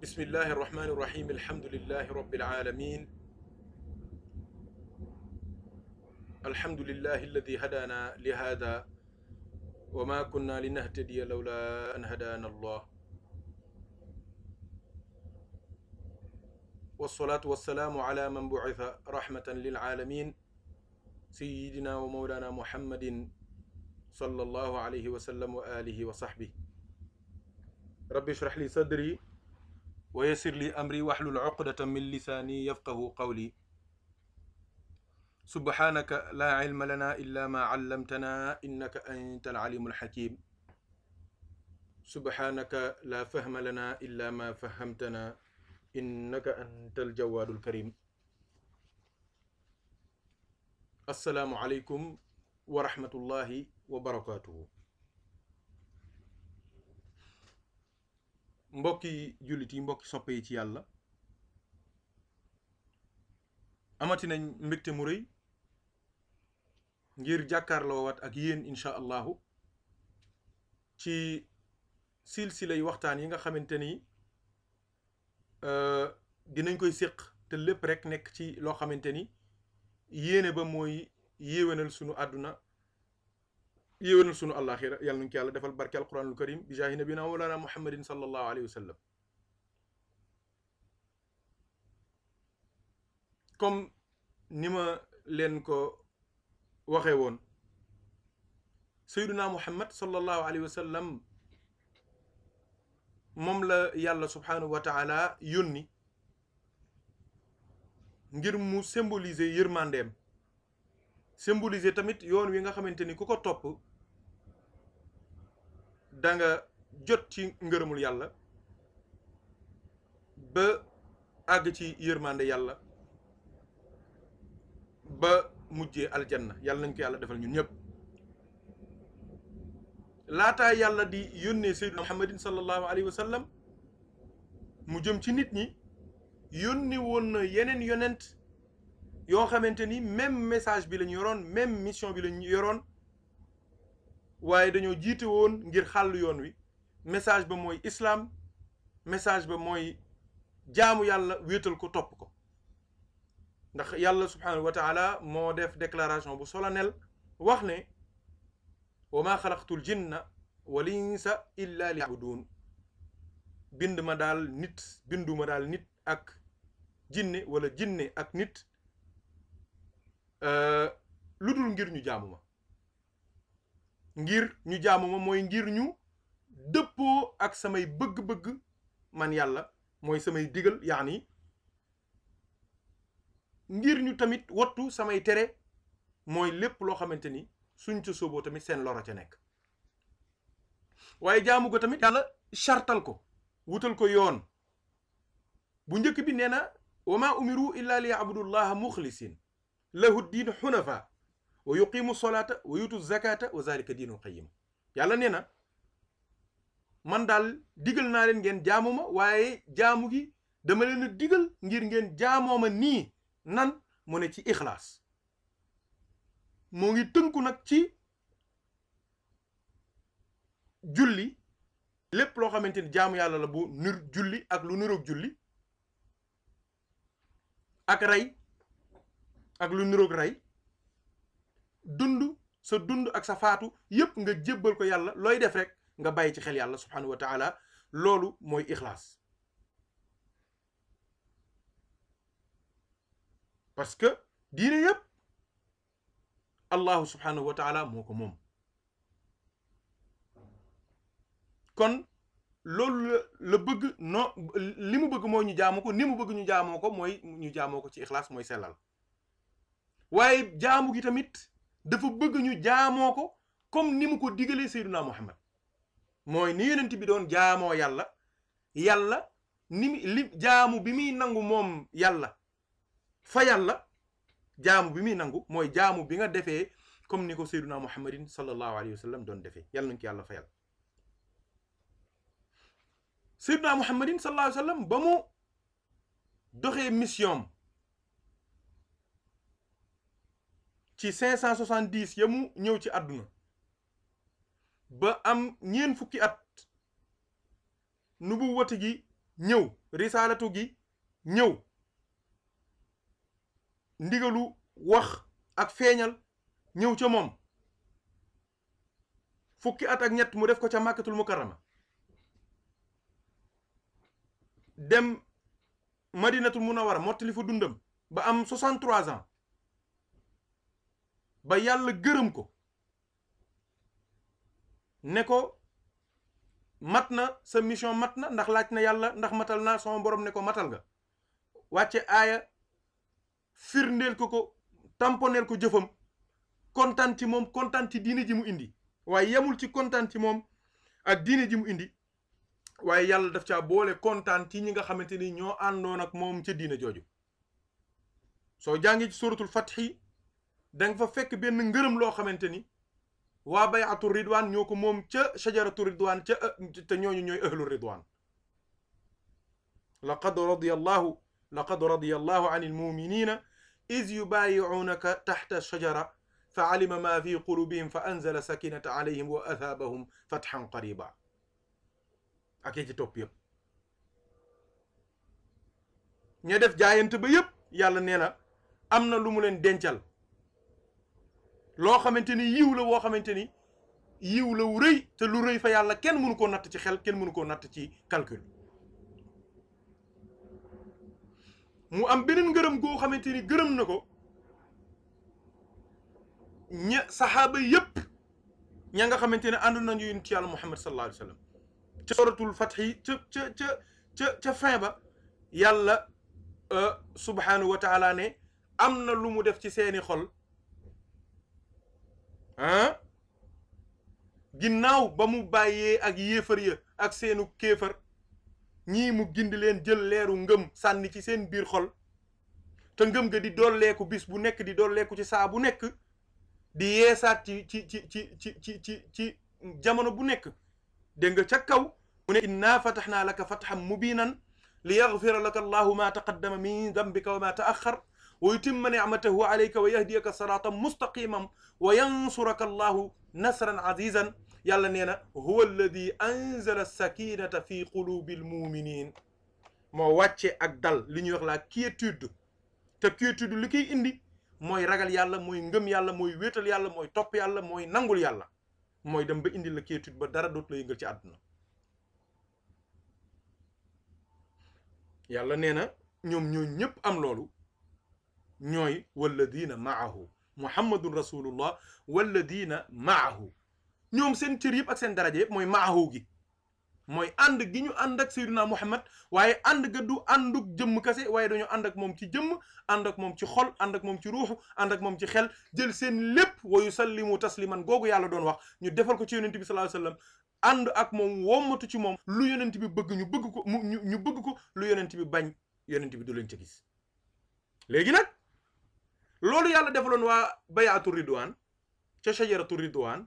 bismillahi irrahmani irrahim alhamdulilahi rabbil alamin alhamdulilahi alladi hadaana li hada wa ma kunna linahtadiya lawla an hadaana allah wasalaatu wasalaamu ala man bucitha rahmatan lilaalamin sayidina wa mawlana muhammadin sallallahu alayhi wa sallam wa alihi wa sahbihi rabbi shrah li sadri wa yassir li amri wahlul uqdatan min lisaani yafqahu qawli subhaanaka laa ilma lanaa illaa maa allamtanaa innaka anta al-aliimul hakiim subhaanaka laa fahma lanaa illaa maa fahamtanaa innaka anta al-jawaadul kariim assalaamu aleykum wa rahmatullaahi wa barakaatuhu mbokki jullit yi mbokki soppe yi ci yàlla amati nañ mbégte mu rëy ngir jàkkaarloowaat ak yéen incha allahu ci silsilay waxtaan yi nga xamante ni euh, dinañ koy séq te lépp rek nekk ci loo xamante ni yéene ba mooy yéwénal sunu àdduna yéwénal sunu àllaaxira yàlla nañu ko yàlla defal barke alquranul karim bi jaahi nabina mawlana muhammadin sallallahu alayhi wa sallam ni ma leen ko waxee woon sayduna muhammad sallallahu alayhi wa sallam moom la yàlla subhaanahu wa taala ngir mu symboliser yërmandeem symboliser tamit yoon wi nga xamante ni ku ko topp danga jot ci ngërëmul yàlla ba àgg ci yërmande yàlla ba mujjee aljanna yàlla nañ ko yàlla defal ñun ñëpp laataa yàlla di yónnee sayyidina muhammadin sallallahu alayhi wa mu jëm ci nit ñi yónni na yeneen yonent yoo xamante ni même message bi lañu yoroon même mission bi lañu yoroon waaye dañoo jiite woon ngir xàll yoon wi message ba mooy islaam message ba mooy jaamu yàlla wéetal ko topp ko ndax yàlla subhanahu wa taala moo def déclaration bu solennel wax ne wa maa xalaqtul jinna wal insa illa liyabudun bind ma daal nit bindu ma daal nit ak jinne wala jinne ak nit euh, lu dul ngir ñu jaamu ma ngir ñu jaamu ma mooy ngir ñu dëppoo ak samay bëgg-bëgg man yàlla mooy samay digal yaani ngir ñu tamit wattu samay tere mooy lépp loo xamante ni suñ ca sóoboo tamit seen loro ca nekk waaye jaamu ko tamit yàlla chartal ko wutal ko yoon bu njëkk bi nee na wa umiru illa li yabudullaha muxlisin lahu diin xunafa wa yuqimu solata wa yutu zakata wa zalika diinu qayim yàlla nee na man daal digal naa leen ngeen jaamu ma waaye jaamu gi dama leen digal ngir ngeen jaamoo ma nii nan mu ne ci ixlaas mu ngi tënku nag ci julli lépp loo xamante ni jaamu yàlla la bu nir julli ak lu niroog julli ak rey ak lu niroog rey dund sa dund ak sa faatu yépp nga jébbal ko yàlla looy def rek nga bàyyi ci xel yàlla subhanahu wa taala loolu mooy ixlaas parce que diine yépp allahu subhanahu wa taala moo ko moom kon loolu la bëgg non li mu bëgg mooy ñu jaamu ko ni mu bëgg ñu jaamoo ko mooy ñu jaamoo ko ci ixlaas mooy sellal waaye jaamu gi tamit dafa bëgg ñu jaamoo ko comme ni mu ko digalee Seydunaa Muhammad mooy ni yonent bi doon jaamoo yàlla yàlla ni jaamu bi muy nangu moom yàlla fa yàlla jaamu bi muy nangu mooy jaamu bi nga defee comme ni ko Seydunaa Muhammadin sallallahu alayhi wa sallam doon defee yàlla nañu ki yàlla fa yàlla Seydunaa Muhammadin sallallahu alayhi ba mu doxee mission ci cinq cent soixante dix ya mu ñëw ci àdduna ba am ñeent fukki at nubu wati gi ñëw risalatu gi ñëw ndigalu wax ak feeñal ñëw ca moom fukki at ak ñett mu def ko ca màkkatul mukarrama dem madinatul munawara mottali fa dundam ba am 63 ans ba yàlla gërëm ko ne ko mat na sa mission mat na ndax laaj na yàlla ndax matal naa sama borom ne ko matal nga wàcce aaya firndeel ko ko tamponeel ko jëfam kontaan ci moom kontaan ci diine ji mu indi waaye yemul ci kontaan ci moom ak diine ji mu indi waaye yàlla daf caa boole kontaan ci ñi nga xamante ni ñoo àndoon ak moom ca diine jooju soo jàngee ci suratul fathi danga fa fekk benn ngërëm loo xamante ni waa bayatu ridwaan ñoo ko moom ca shajaratu ridwaan ca te ñooñu ñooy ahlu ridwaan laqad radiya allahu laqad radiya allahu an almuminina iz yubaayicuunaka taxta shajara fa alima ma fi qulubihim fa anzala sakinata alayhim wa athaabahum fatxan qariba ak yi ci topp yépp ña def jaayante ba yépp yàlla nee na am na lu mu leen dencal loo xamante ni yiw la woo xamante ni yiw la wu rëy te lu rëy fa yàlla kenn mënu koo natt ci xel kenn mënu koo natt ci calcul mu am beneen ngërëm goo xamante ni gërëm na ko ña saxaaba yépp ña nga xamante ne ànd nañu yonent yàlla Muhammad sallallahu alayhi wa sallam ca suratul fatxi ca ca ca ca ca fin ba yàlla euh, subhanahu wa taala ne am na lu mu def ci seeni xol ah ginnaaw ba mu bàyyee ak yéefar ya ak seenu kéefar ñii mu gindi leen jël leeru ngëm sànni ci seen biir xol te ngëm ga di dolleeku bis bu nekk di dolleeku ci saa bu nekk di yeesaat ci ci ci ci ci ci ci jamono bu nekk dégg nga ca kaw mu ne inna fatahnaa laka fathan mubinan li yaghfira laka allahu ma taqaddama min dambika wa ma taaxar wa yutimma nicmatahu alayka wa yahdiyaka siratan mustaqiman wa yansuraka allahu nasran azizan yàlla nee na huwa alladi anzala sakinata fi qulubi almuminin moo wàcce ak dal li ñuy wax la quiétude te quiétude li koy indi mooy ragal yàlla mooy ngëm yàlla mooy wéetal yàlla mooy topp yàlla mooy nangul yàlla mooy dem ba indi la quiétude ba dara dootu la yëngal ci àdduna yàlla nee na ñoom ñoo ñëpp am loolu ñooy walladina maahu muhammadun rasulullah walladina maahu ñoom seen cër yëpp ak seen daraja yëpp mooy maahu gi mooy ànd gi ñu ànd ak sayyiduna muhammad waaye ànd ga du ànduk jëmm kase waaye dañoo ànd ak moom ci jëmm ànd ak moom ci xol ànd ak moom ci ruuxu ànd ak moom ci xel jël seen lépp wa yusallimu tasliman googu yàlla doon wax ñu defal ko ci yonent bi sallallahu alayhi wasallam ànd ak moom wommatu ci moom lu yonent bi bëgg ñu bëgg ko ñu bëgg ko lu yonent bi bañ yonent bi du leen ca gis loolu yàlla defaloon waa bayaatu ridwaan ca shajaratu ridwaan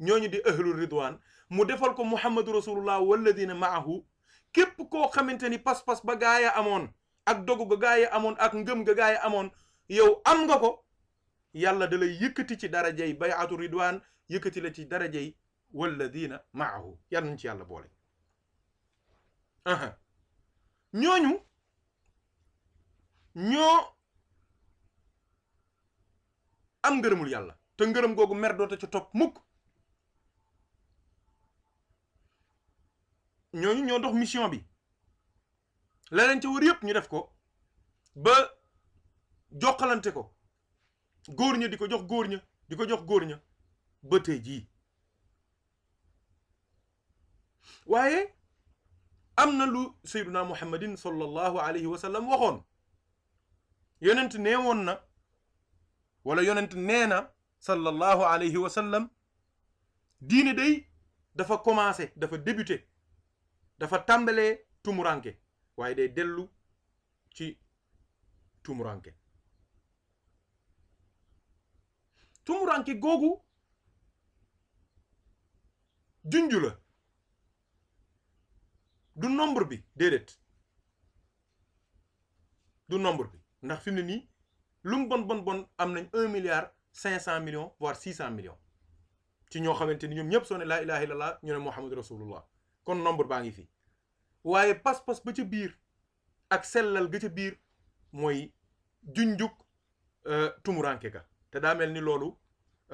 ñooñu di ahlu ridwaan mu defal ko muhammadu rasulullah walladina maahu képp koo xamante ni pas-pas ba gaa ya amoon ak dogu ga gaa amoon ak ngëm ga gaa amoon yow am nga ko yàlla da lay yëkkati ci darajey bayaatu ridwaan yëkkati la ci darajey walladina maahu yal nañ ci yàlla boole ñooñu ñoo am ngërëmul yàlla te ngërëm googu mer doote ca topp muk ñooñu ñoo dox mission bi leneen ca wër yëpp ñu def ko ba jokkalante ko góor ña di ko jox góor ña di ko jox góor ña ba waaye am na lu sayyiduna muhammadin sallallahu alayhi wa sallam waxoon yonent nee woon na wala yonent nee na sallallahu alayhi wa sallam diine day dafa commencé dafa débuté dafa tàmbalee tumuranke waaye day dellu ci tumuranke tumuranke googu junju la du nombre bi déedéet du nombre bi ndax fi mu nii lu bon bon bon am nañ un milliard cinq cent millions voire six cent millions ci ñoo xamante ni ñoom ñëpp soo la laa ilaha illallah ñu ne muhammad rasulullah kon nombre baa ngi fi waaye pas-pas ba ca biir ak sellal ga ca biir mooy junjuk euh, tumuranke ka te daa mel ni loolu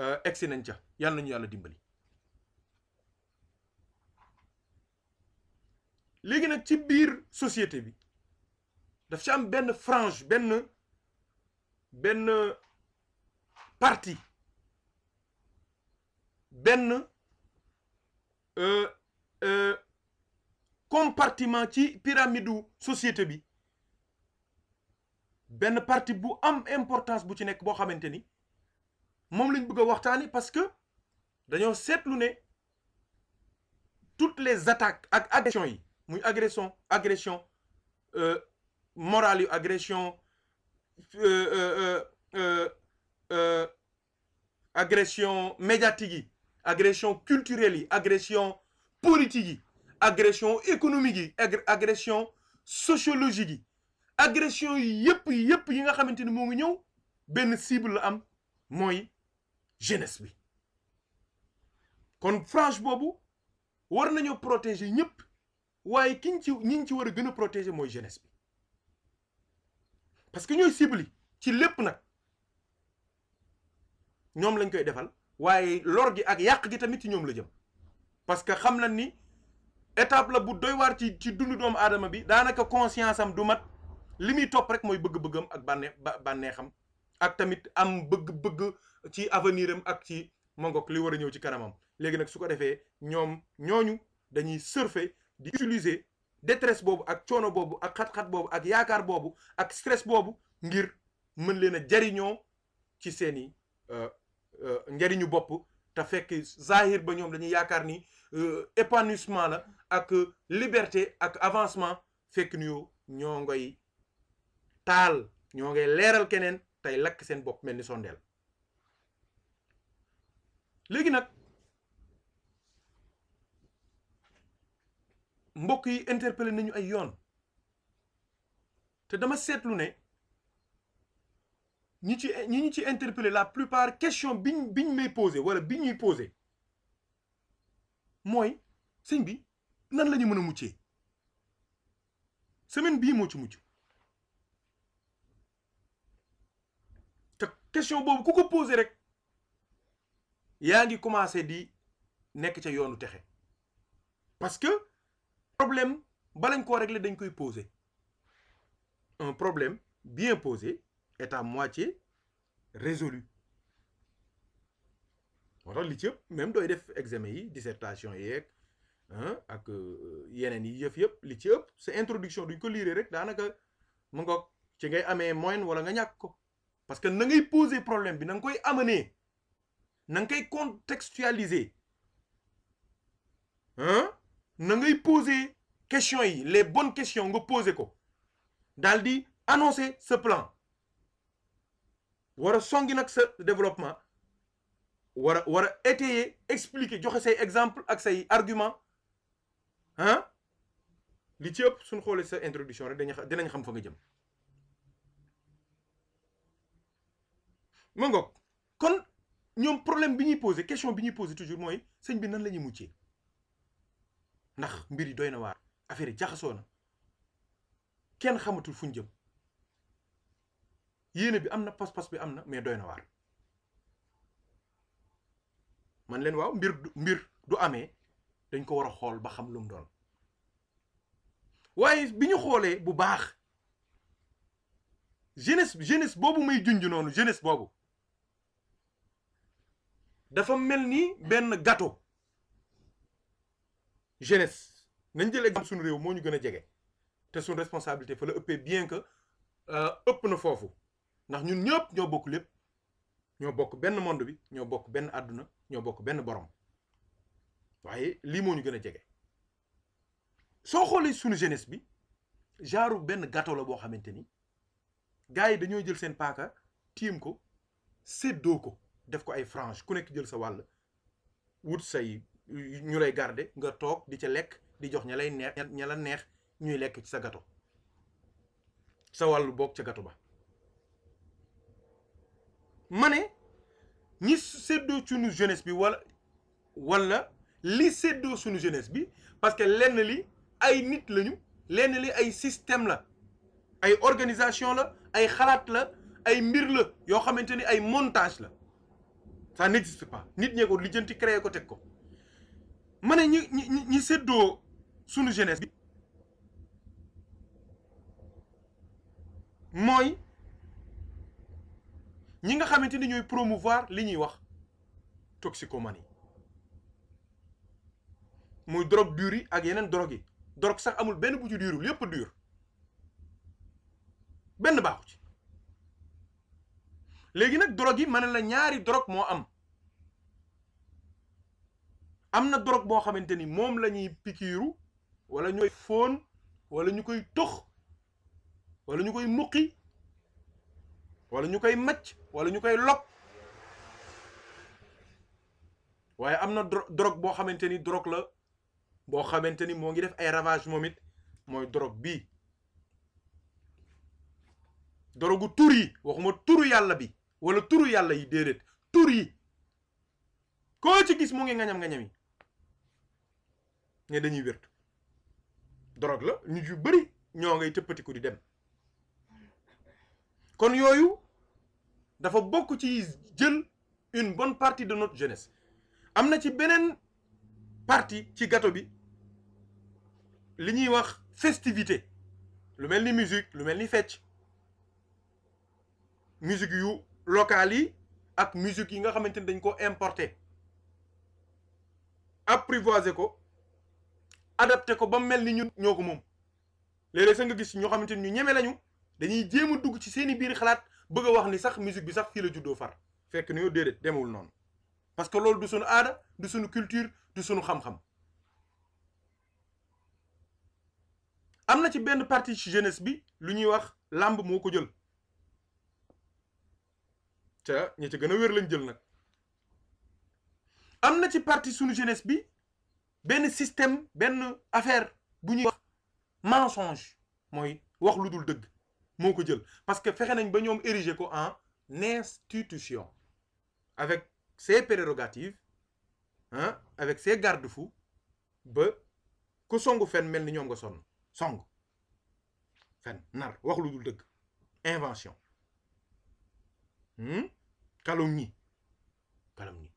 euh, egsi nañ ca yàlla ñu yàlla dimbali léegi nag ci biir société bi daf ci am benn frange benn benn parti benn euh, euh, compartiment ci pyramidu société bi benn parti bu am importance bu ci nekk boo xamante ni moom lañ bëgg a waxtaani parce que dañoo seetlu ne toutes les attaques ak agressions yi muy agression agression euh, morale yu agression Euh, euh, euh, agression médiatique yi agression culturelle yi agression politique yi agression économique yi agression sociologique yi agression yi yëpp yëpp yi nga xamante ni moo ngi ñëw benn cible am mooy jeunesse bi kon frange boobu war nañoo protéger ñëpp waaye kiñ ci ñiñ ci war a gën a protéger mooy jeunesse bi parce que ñooy cible ci lépp nag ñoom lañ koy defal waaye lor gi ak yàq gi tamit ci ñoom la jëm parce que xam na ni étape la bu doy waar ci ci dundu doomu aadama bi daanaka conscience am du mat li muy topp rek mooy bëgg-bëggam ak bànnee bànneexam ak tamit am bëgg-bëgg ci avenir am ak ci mongok li war ñëw ci kanamam léegi nag su ko defee ñoom ñooñu dañuy surfer di utiliser détresse boobu ak coono boobu ak xat-xat boobu ak yaakaar boobu ak stress boobu ngir mën leen a jariñoo ci seeni euh, euh, njariñu bopp te fekk zahir ba ñoom dañuy yaakaar ni euh, épanouissement la ak liberté ak avancement fekk ni yow ñoo ngoy taal ñoo ngay leeral keneen tey lakk seen bopp mel ni sondeel léegi nag mbokk yi interpellé nañu ay yoon te dama seetlu ne ñi ci ñi ñu ci interpellé la plupart question biñ biñ may posé wala bi ñuy posé mooy sëñ bi nan lañu mën a muccee semaine bi moo ci mucc te question boobu ku ko posé rek yaa ngi commencé di nekk ca yoonu texe parce que problème balañ koo régler dañ koy poser un problème bien posé est à moitié résolu moo tax li ci yëpp même dooy def examen yi dissertation yeeg ak euh, yeneen yi yëf yëpp li ci ëpp c'est introduction duñ ko liiree rek daanaka mu ngoog ci ngay amee moyenne wala nga ñàkk ko parce que na ngay poser problème bi na koy amener na nga koy contextualiser hein na ngay poser questions yi les bonnes question nga poser ko daal di annoncer ce plan war a songi nag sa développement war a war a étayer expliquer joxe say exemple ak say argument ah li ci ëpp suñ xoolee sa introduction rek dañu dinañ xam fa nga jëm ma kon ñoom problème bi ñuy poser question bi ñuy poser toujours mooy sëñ bi nan la ñuy muccee ndax mbir yi doy na waar affaire yi kenn xamatul fuñ jëm yéene bi am na pas-pas bi am na mais doy na waar man leen waaw mbir mbir du amee dañ ko war a xool ba xam lu doon waaye bi ñu xoolee bu baax jeunesse jeunesse boobu mooy junj noonu jeunesse boobu dafa mel ni benn gato jeunesse nañ jël exemple suñu réew moo ñu gën a jege te suñu responsabilité fa la ëppee bien que euh, ëpp na foofu ndax ñun ñëpp ñoo bokk lépp ñoo bokk benn monde bi ñoo bokk benn àdduna ñoo bokk benn borom waaye lii moo ñu gën a jege soo xoolee sunu jeunesse bi genre benn gâteau la boo xamante ni gars yi dañoo jël seen paaka tiim ko séddoo ko def ko ay frange ku nekk jël sa wàll wut say ñu lay garder nga toog di ca lekk di jox ña lay neex ña la neex ñuy lekk ci sa gato sa wàllu boog ca gato ba ma ne ñi seddoo suñu jeunesse bi wala wala li seddoo suñu jeunesse bi parce que lenn li ay nit lañu lenn li ay système la ay organisation la ay xalaat la ay mbir la yoo xamante ni ay montage la ça n'existe pas nit ñee ko lijjanti créé ko teg ko ma ne ñi ñi ñi séddoo sunu jeunesse bi mooy ñi nga xamante ni ñooy promouvoir li ñuy wax toxicomanie muy drogue dure yi ak yeneen drogue yi drogue sax amul benn bu ci durul yépp dur benn baaxu ci léegi nag drogue yi mën na la ñaari drogue moo am am na drogue boo xamante ni moom la ñuy pikiiru wala ñu koy fóon wala ñu koy tox wala ñu koy muqi wala ñu koy macc wala ñu koy lok waaye am na drogue boo xamante ni drogue la boo xamante ni moo ngi def ay ravage moom it mooy drogue bii dorogu tur yi waxuma turu yàlla bi wala turu yàlla yi déedéet tur yi koo ci gis mu ngi ngañam ngañam yi ne dañuy wértu drogue la nit yu bëri ñoo ngay tëppatiku di dem kon yooyu dafa bokk ci jël une bonne partie de not jeunesse am na ci beneen partie ci gâteau bi li ñuy wax festivité lu mel ni musique lu mel ni fecc musique yu locale yi ak musique yi nga xamante ni dañ ko importer apprivoiser ko adapté ko ba mu mel ni ñun ñoo ko moom léeg-léeg sax nga gis ñoo xamante ni ñu ñeme lañu dañuy jéem a dugg ci seeni biir xalaat bëgg a wax ni sax musique bi sax fii la juddoo far fekk ni yow oh, déedéet demewul noonu parce que loolu du suñu aada du sunu culture du suñu xam-xam am na ci benn partie ci jeunesse bi lu ñuy wax làmb moo ko jël ca ñi ci gën a wér lañ jël nag am na ci partie sunu jeunesse bi benn système benn affaire bu ñuy wax mensonge mooy wax lu dul dëgg moo ko jël parce que fexe nañ ba ñoom ériger ko en institution avec ses prérogatives ah avec ses garde-fous ba ku songu fen mel ni ñoom nga sonn songu fen nar wax lu dul dëgg invention hmm? calomnie calomnie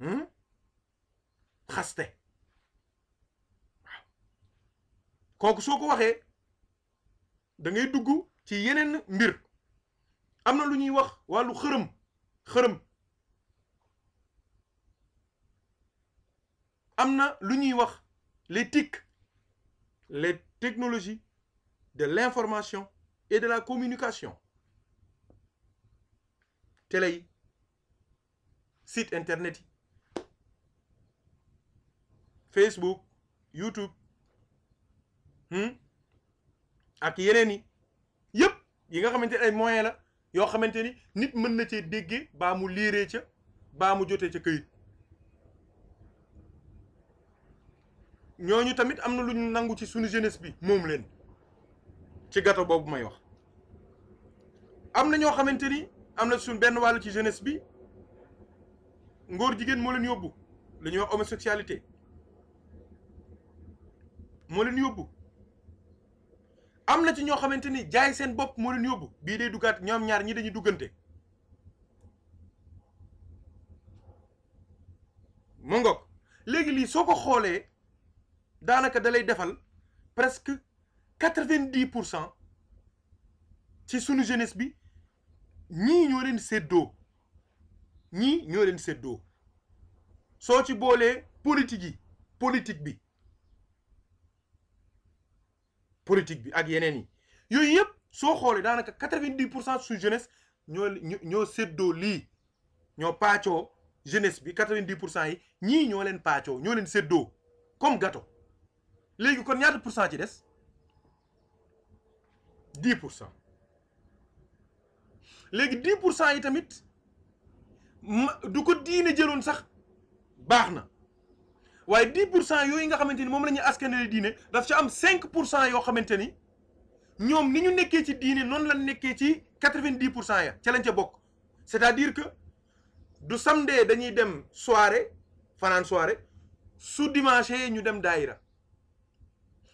hmm? xaste kooku soo ko waxee da ngay dugg ci yeneen mbir am na lu ñuy wax wàllu xërëm xërëm am na lu ñuy wax les TIC les technologies de l'information et de la communication télé site internet yi Facebook YouTube hmm, ak yeneen yi yëpp yi nga xamante ne ay moyen la yoo xamante ni nit mën na cee dégge baa mu liiree ca baa mu jote ca këyit ñooñu tamit am na lu ñu nangu ci suñu jeunesse bi moom leen ci gâteau boobu may wax am na ñoo xamante ni am na suñ benn wàll ci jenesse bi ngóor jigéen moo leen yóbbu lu ñuy wax homosexualité moo leen yóbbu am na ci ñoo xamante ni jaay seen bopp moo leen yóbbu bii day duggaat ñoom ñaar ñi dañuy duggante mu ngoog léegi lii soo ko xoolee daanaka da lay defal presque quatre-vingt-dix pour cent ci sunu jeunesse bi ñii ñoo leen séddoo ñii ñoo leen séddoo soo ci boolee politique yi politique bi politique bi ak yeneen yi yooyu yëpp soo xoolee daanaka quatre-vingt-dix pour cent su jeunesse ñoo ñoo séddoo lii ñoo paacoo jeunesse bi quatre-vingt-dix pour cent yi ñii ñoo leen paacoo ñoo leen séddoo comme gâteau léegi kon ñaata pour cent ci des dix pour cent léegi dix pour cent yi tamit du ko diine jëloon sax baax na waaye 10 pour cent yooyu nga xamante ni moom la ñuy askanale diine daf ci am cinq pour cent yoo xamante ni ñoom ni ñu nekkee ci diine noonu la nekkee ci 90 pour cent ya ca lañ ca bokk c'est-à-dire que du samedi dañuy dem soirée fanaan soirée su dimanche ñu dem daayira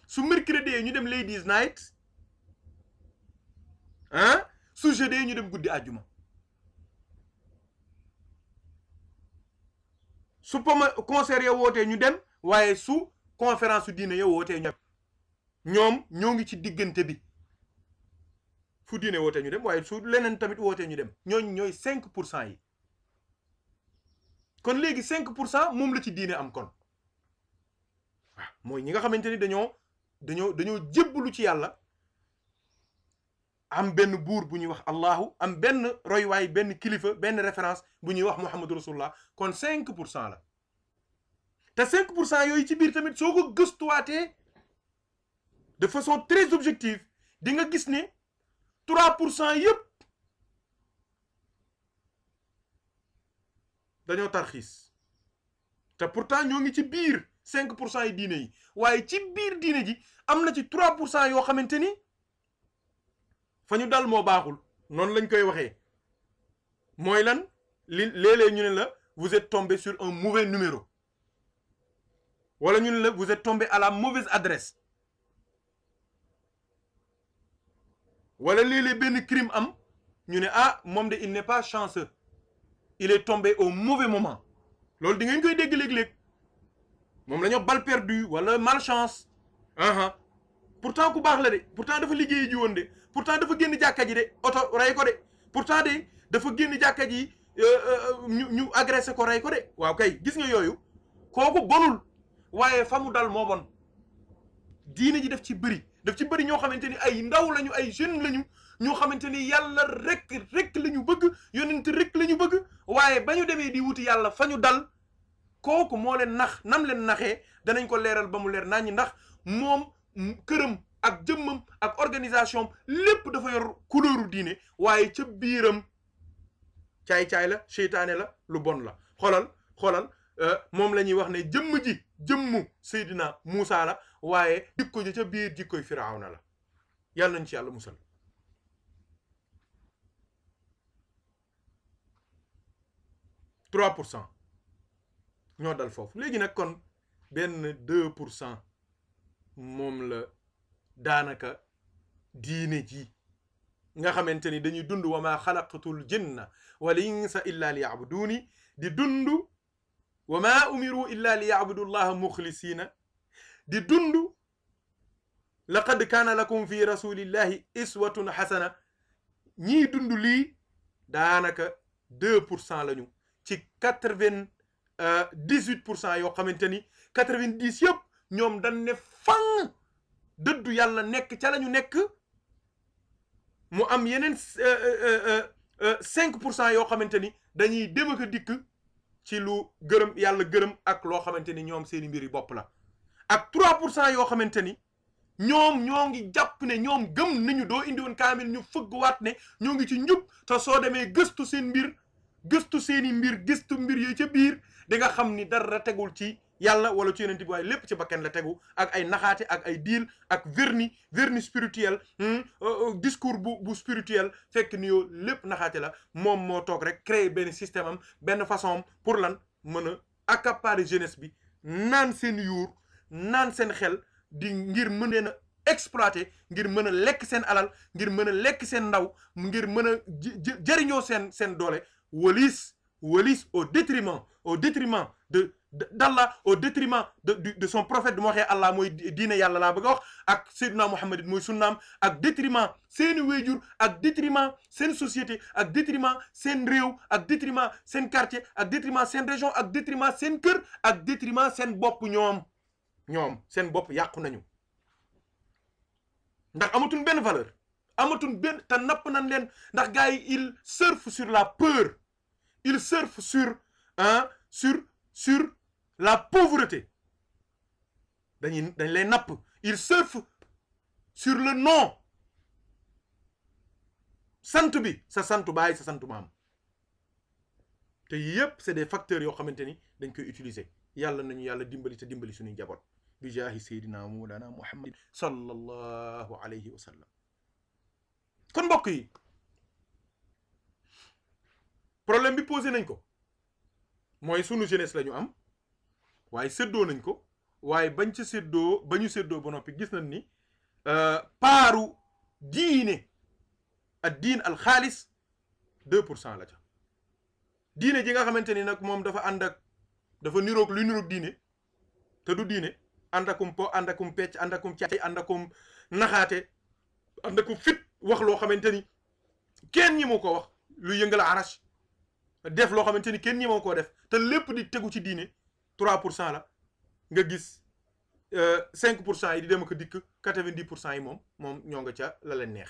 su mercredi ñu dem ladies night ah su jeudi ñu dem guddi àjjuma su poma concert wootee ñu dem waaye su conférence su diine ya wootee ñu dem ñoom ñoo ngi ci diggante bi fu diine wootee ñu dem waaye su leneen tamit wootee ñu dem ñooñ ñooy cinq pour cent yi kon léegi cinq pour cent moom la ci diine am kon mooy ñi nga xamante ni dañoo dañoo dañoo jébbalu ci yàlla am benn buur bu ñuy wax Allahu am benn roywaay benn kilifa benn référence bu ñuy wax Muhammadu Rasulullah kon 5 pour cent la te 5 pour cent yooyu ci biir tamit soo ko gëstuwaatee de façon très objective di nga gis ne 3 pour cent yëpp dañoo tarxiis te pourtant ñoo ngi ci biir 5 pour cent yi diine yi waaye ci biir diine ji am na ci 3 pour cent yoo xamante ni. fa ñu dal moo baaxul noonu lañ koy waxee mooy lan li léeg ñu ne la vous êtes tombé sur un mauvais numéro wala ñu ne la vous êtes tombé à la mauvaise adresse walla léeg-léeg benn crime am ñu ne ah moom de il n'est pas chanceux il est tombé au mauvais moment loolu di ngeen koy dégg léeg-léeg moom la ñu balle perdue wala malchance. pourtant ku baax la de pourtant dafa liggéey ji woon de pourtant dafa génn jàkka ji de oto rey ko de pourtant de dafa génn jàkka ji euh, euh, ñu ñu agressé ko rey de waaw kay gis nga yooyu kooku bonul waaye famu dal moo bon diine ji daf ci bëri daf ci bëri ñoo xamante ni ay ndaw lañu ay jeunes lañu ñoo xamante ni yàlla rek rek la ñu bëgg yonent rek la ñu bëgg waaye bañu demee di wuti yàlla fa ñu dal kooku moo leen nax nam leen naxee danañ ko leeral ba mu leer naa ñi ndax moom këram ak jëmmam ak organisation lépp dafa yor couleur diine waaye ca biiram caay-caay la seytaane la lu bon la xoolal xoolal euh, moom la ñuy wax ne jëmm ji jëmmu Seydina Muusa la waaye jikko ji ca biir jikkoy Firawna la yàlla nañ ci yàlla musal trois pour cent ñoo dal foofu léegi nag kon benn deux pour cent moom la daanaka diine ji nga xamante ni dañuy dund wa ma xalaqatul jinna wal insa illa li di dundu wa ma umiru illa li yacbudu llaha di dundu laqad kaana lakum fi rasulillahi iswatun xasana ñii dund lii daanaka deux pour cent la ci quatre vingt dix huit pour cent yoo xamante ni quatre vingt ñoom dañ dëddu yàlla nekk ca la ñu nekk mu am yeneen euh, euh, euh, cinq pour cent yoo xamante ni dañuy dem ak dikk ci lu gërëm yàlla gërëm ak loo xamante ni ñoom seeni mbir yi bopp la ak trois pour cent yoo xamante ni ñoom ñoo ngi jàpp ne ñoom gëm nañu doo indi woon kaamil ñu fëggwaat ne ñoo ngi ci njub ta soo demee gëstu seen mbir gëstu seeni mbir gëstu mbir yooyu ca biir di nga xam ni dara tegul ci yàlla wala ci yonent bi waaye lépp ci bakken la tegu ak ay naxaate ak ay diil ak vernis vernis spirituel hmm, euh, euh, discours bu bu spirituel fekk ni yoo lépp naxaate la moom moo toog rek créer benn système am benn façon pour lan mën a accaparer jeunesse bi naan seen yuur naan seen xel di ngir mën leen a exploité ngir mën a lekk seen alal ngir mën a lekk seen ndaw ngir mën a jëriñoo seen seen doole walis walis au détriment au détriment de d'Allah au détriment de de son prophète du ma waxee Allah mooy diine yàlla laa bëgg a wax ak Seydina Muhammad mooy sunnaam ak détriment seen wéjur ak détriment seen société ak détriment seen réew ak détriment seen quartier ak détriment seen région ak détriment seen kër ak détriment seen bopp ñoom ñoom seen bopp yàqu nañu ndax amatuñ benn valeur amatuñ benn te napp nañ leen ndax gars yi il surfe sur la peur il surfe sur ah sur sur la pauvreté dañuy dañ lay napp il surfe sur le nom sant bi sa santu baay sa santu maam te yépp c'est des facteurs yoo xamante ni dañ koy utiliser yàlla nañu yàlla dimbali te dimbali suñuy njaboot bi jaahi sayyidina mawlana muhammad sallallahu alayhi wa sallam kon mbokk yi problème bi posé nañ ko mooy sunu jeunesse lañu am waaye séddoo nañ ko waaye bañ ci séddoo bañu ñu séddoo ba noppi gis nañ ni euh, paaru diine ak diine al xaalis deux pour cent la ca diine ji nga xamante ni nag moom dafa ànd dafa niroog luy niroog diine te du diine ànd akum po ànd akum pecc ànd akum caay ànd akum naxaate ànd akum fit wax loo xamante ni kenn ñi mu ko wax lu yëngal arash def loo xamante ni kenn ñemoo koo def te lépp di tegu ci diine 3 pour cent la nga gis 5 euh, pour cent yi di dem ko dikk 90 pour cent yi moom moom ñoo nga ca la leen neex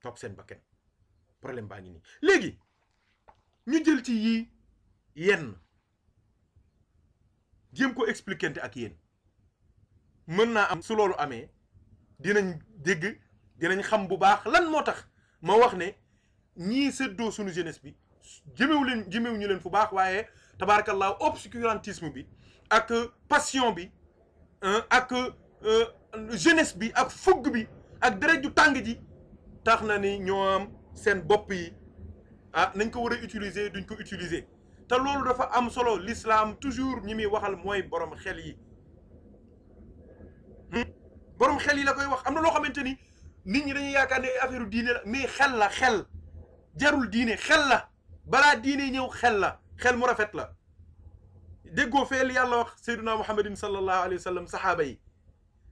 topp seen bakken problème baa ngi nii léegi ñu jël ci yii yenn jéem ko expliquer ak yéen mën naa am su loolu amee dinañ dégg dinañ xam bu baax lan moo tax ma wax ne ñii séddoo suñu jeunesse bi jëmewu leen jëmewu leen fu baax waaye tabaarakallah obscurantisme bi ak passion bi ak euh, jeunesse bi ak fugg bi ak deret ju tàng ji tax na ni ñoom seen bopp yi ah nañ ko war a utiliser duñ ko utiliser te loolu dafa am solo lislaam toujours ñi muy waxal mooy borom xel yi hmm? borom xel yi la koy wax am na loo xamante ni nit ñi dañuy yaakaar ne affaire diine la mais xel la xel jarul diine xel la balaa diine ñëw xel la xel mu rafet la déggoo feel yàlla wax sayduna muhammadin sallallahu alayhi wa sallam saxaaba yi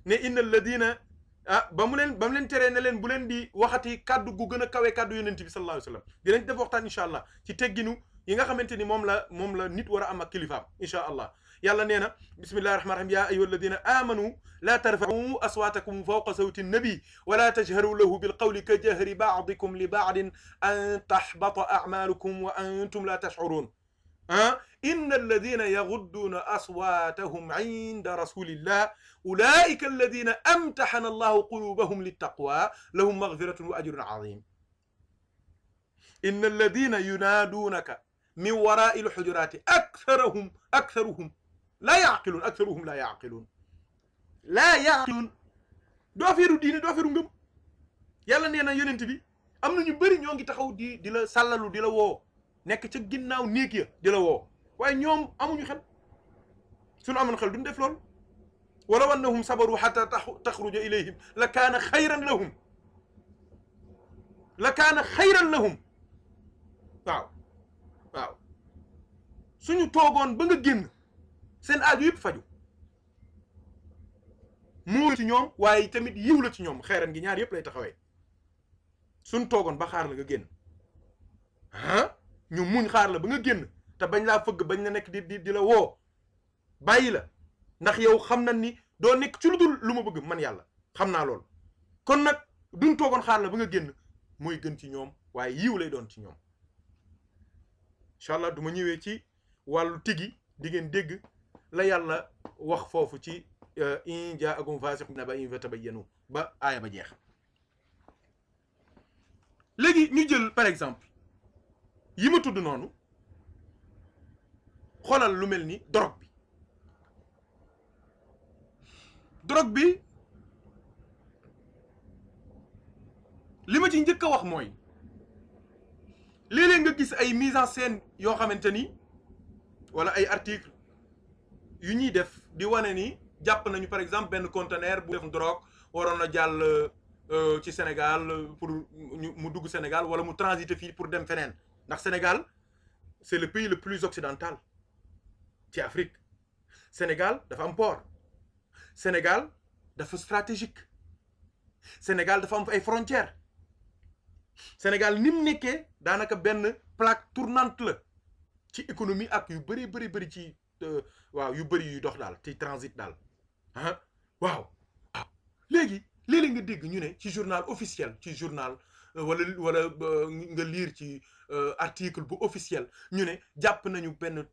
ne inna alladina ah ba mu leen ba leen teree ne leen bu leen di waxati kàddu gu gën a kawe kàddu yonent bi sallallahu alayhi wa sallam dinañ def waxtaan incha allah ci tegginu yi nga xamante ni moom la moom la nit war a am ak kilifaam incha allah yàlla nee na bismillahi rahmani rahim yaa ayuha alladina amanu laa tarfau aswaatakum fawqa sawti nabi wala tajharu lahu bilqawli ka jahri baadikum li baadin an taxbata acmaalukum wa antum laa tashcuruun ah inna alladina yagudduuna aswaatahum cinda rasulillah ulaika alladina amtaxana allahu qulubahum littaqwa lahum magfiratun wa ajrun cazim inna alladina yunaaduunaka min waraai lxujuraati aktharuhum aktharuhum laa yaaqiluun aktaruhum laa yaaqiluun laa yaaqiluun du affaire diine du affaire ngëm yàlla nee na yonent bi am na ñu bëri ñoo ngi taxaw di di la sàllalu di la woo nekk ca ginnaaw néeg ya di la woo waaye ñoom amuñu xel suñu amoon xel duñ def loolu walaw annahum sabaru xata taxruja ilayhim la kaana xayran lahum la kaana xayran lahum waaw waaw suñu toogoon ba nga génn seen aaju yëpp faju muur ci ñoom waaye tamit yiw la ci ñoom xeeran ngi ñaar yëpp lay taxawee suñ toogoon ba xaar la nga génn ah ñu muñ xaar la ba nga génn te bañ laa fëgg bañ la nekk di di di la woo bàyyi la ndax yow xam na ni doo nekk ci lu lu ma bëgg man yàlla xam naa lool kon nag duñ toogoon xaar la ba nga génn mooy gën ci ñoom waaye yiw lay doon ci ñoom incha duma ñëwee ci wàllu tigi di ngeen dégg la yàlla wax foofu ci euh, in jaakum faasiqun bi naba'in fatabayyanu ba aaya ba jeex léegi ñu jël par exemple yi ma tudd noonu xoolal lu mel ni drogue bi drogue bi li ma ci njëkk a wax mooy léeg nga gis ay mise en scène yoo xamante ni wala ay article yu ñuy def di wane ni jàpp nañu par exemple benn conteneur bu def drogue waroon a jàll euh, ci Sénégal pour mu dugg Sénégal wala mu transiter fii pour dem feneen ndax Sénégal c'est le pays le plus occidental ci Afrique Sénégal dafa am Sénégal dafa stratégique Sénégal dafa am ay frontières Sénégal nim mu nekkee daanaka benn plaque tournante la ci économie ak yu bëree bëri bëri ci waaw yu bëri yuy dox daal ci transit daal ah waaw waaw léegi lii léeg nga dégg ñu ne ci journal officiel ci journal euh, wala wala euh, nga liir ci euh, article bu officiel ñu ne jàpp nañu benn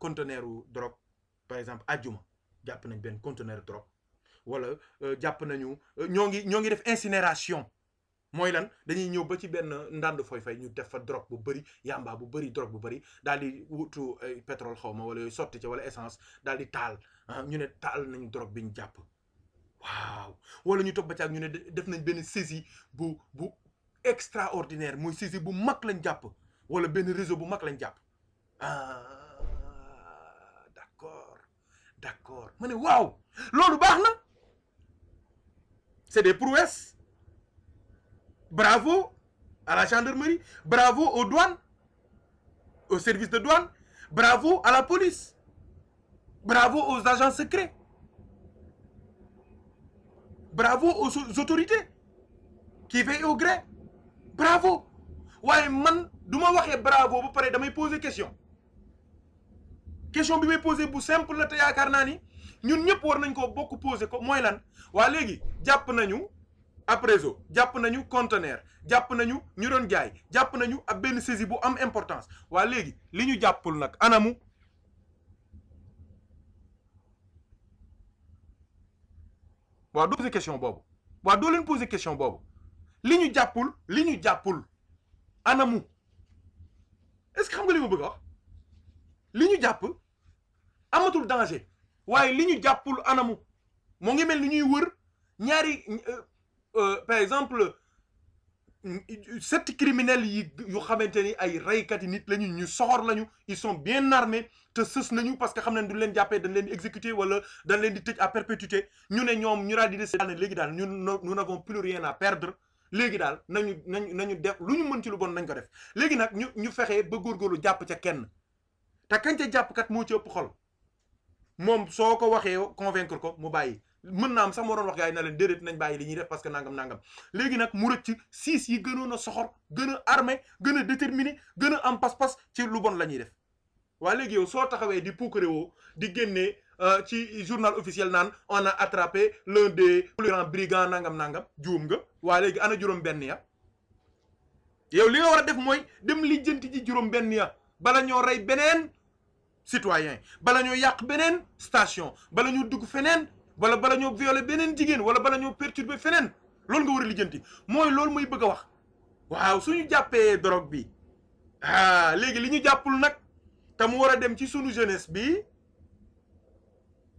conteneur u drogue par exemple ajjuma jàpp nañ benn conteneur drogue wala jàpp nañu ñoo ngi ñoo ngi def incinération mooy lan dañuy ñëw ba ci benn ndànd fooy fay ñu def fa drogue bu bëri yamba bu bëri drogue bu bëri daal di wutu ay pétrole xaw ma wala yooyu sotti ca wala essence daal di taal ah, ñu ne taal nañ drogue bi ñu jàpp waaw wala ñu toog ba caag ñu ne def nañ benn saisie bu bu extraordinaire mooy saisie bu mag lañ jàpp wala benn réseau bu mag lañ jàpp ah d'accord d'accord ma ne waaw loolu baax na c'est des prouesses bravo à la gendarmerie bravo aux service de douane bravo à la police bravo aux agents secrets bravo aux autorités qui veillent au gré bravo waaye man du ma waxee bravo ba pare damay poser question question bi may poser bu simple la te yaakaar naa ni ñun ñëpp war nañ ko bokk poser ko mooy lan waa léegi jàpp nañu Apreso jàpp nañu conteneur jàpp nañu ñu doon jaay jàpp nañu ab benn saisie bu am importance waa léegi li ñu jàppul nag anamu waa doo poser question boobu waa doo leen poser question boobu li ñu jàppul li ñu jàppul anamu est-ce que xam nga li ma bëgg a li ñu jàpp amatul danger waaye li ñu jàppul anamu moo ngi mel ni ñuy wër ñaari euh, Euh, par exemple mm, sept criminels yi yu xamante ni ay reykat yi nit lañu ñu soxor lañu ils sont bien armés te sës nañu parce que xam nañ du leen jàppee dañ leen di wala dañ leen di tëj à perpétuité ñu ne ñoom ñu daal di décider léegi daal ñun nous n'avons plus rien à perdre léegi daal nañu nañu nañu def lu ñu mën ci lu bon nañ ko def léegi nag ñu ñu fexee ba góorgóorlu jàpp ca kenn te kañ ca jàppkat moo ci ëpp xol moom soo ko waxee convaincre ko mu bàyyi mën na am sax moo doon wax gars yi na leen déedéet nañ bàyyi li ñuy def parce que nangam nangam léegi nag mu rëcc siis yi gënoon a soxor gën a armé gën a déterminé gën a am pas-pas ci lu bon la ñuy def waa léegi yow soo taxawee di puukare woo di génnee euh, ci journal officiel naan on a attrapé l'un des plus grands brigands nangam nangam juum nga waa léegi ana juróom-benn ya yow li nga war a def mooy dem lijjanti ji juróom-benn ya bala ñoo rey beneen citoyen bala yàq beneen station bala ñoo dugg feneen wala bala ñoo violer beneen jigéen wala bala ñoo perturber feneen loolu nga war a lijjanti mooy loolu mooy bëgg a wax waaw suñu jàppee drogue bi ah léegi li ñu jàppul nag te mu war a dem ci sunu jeunesse bi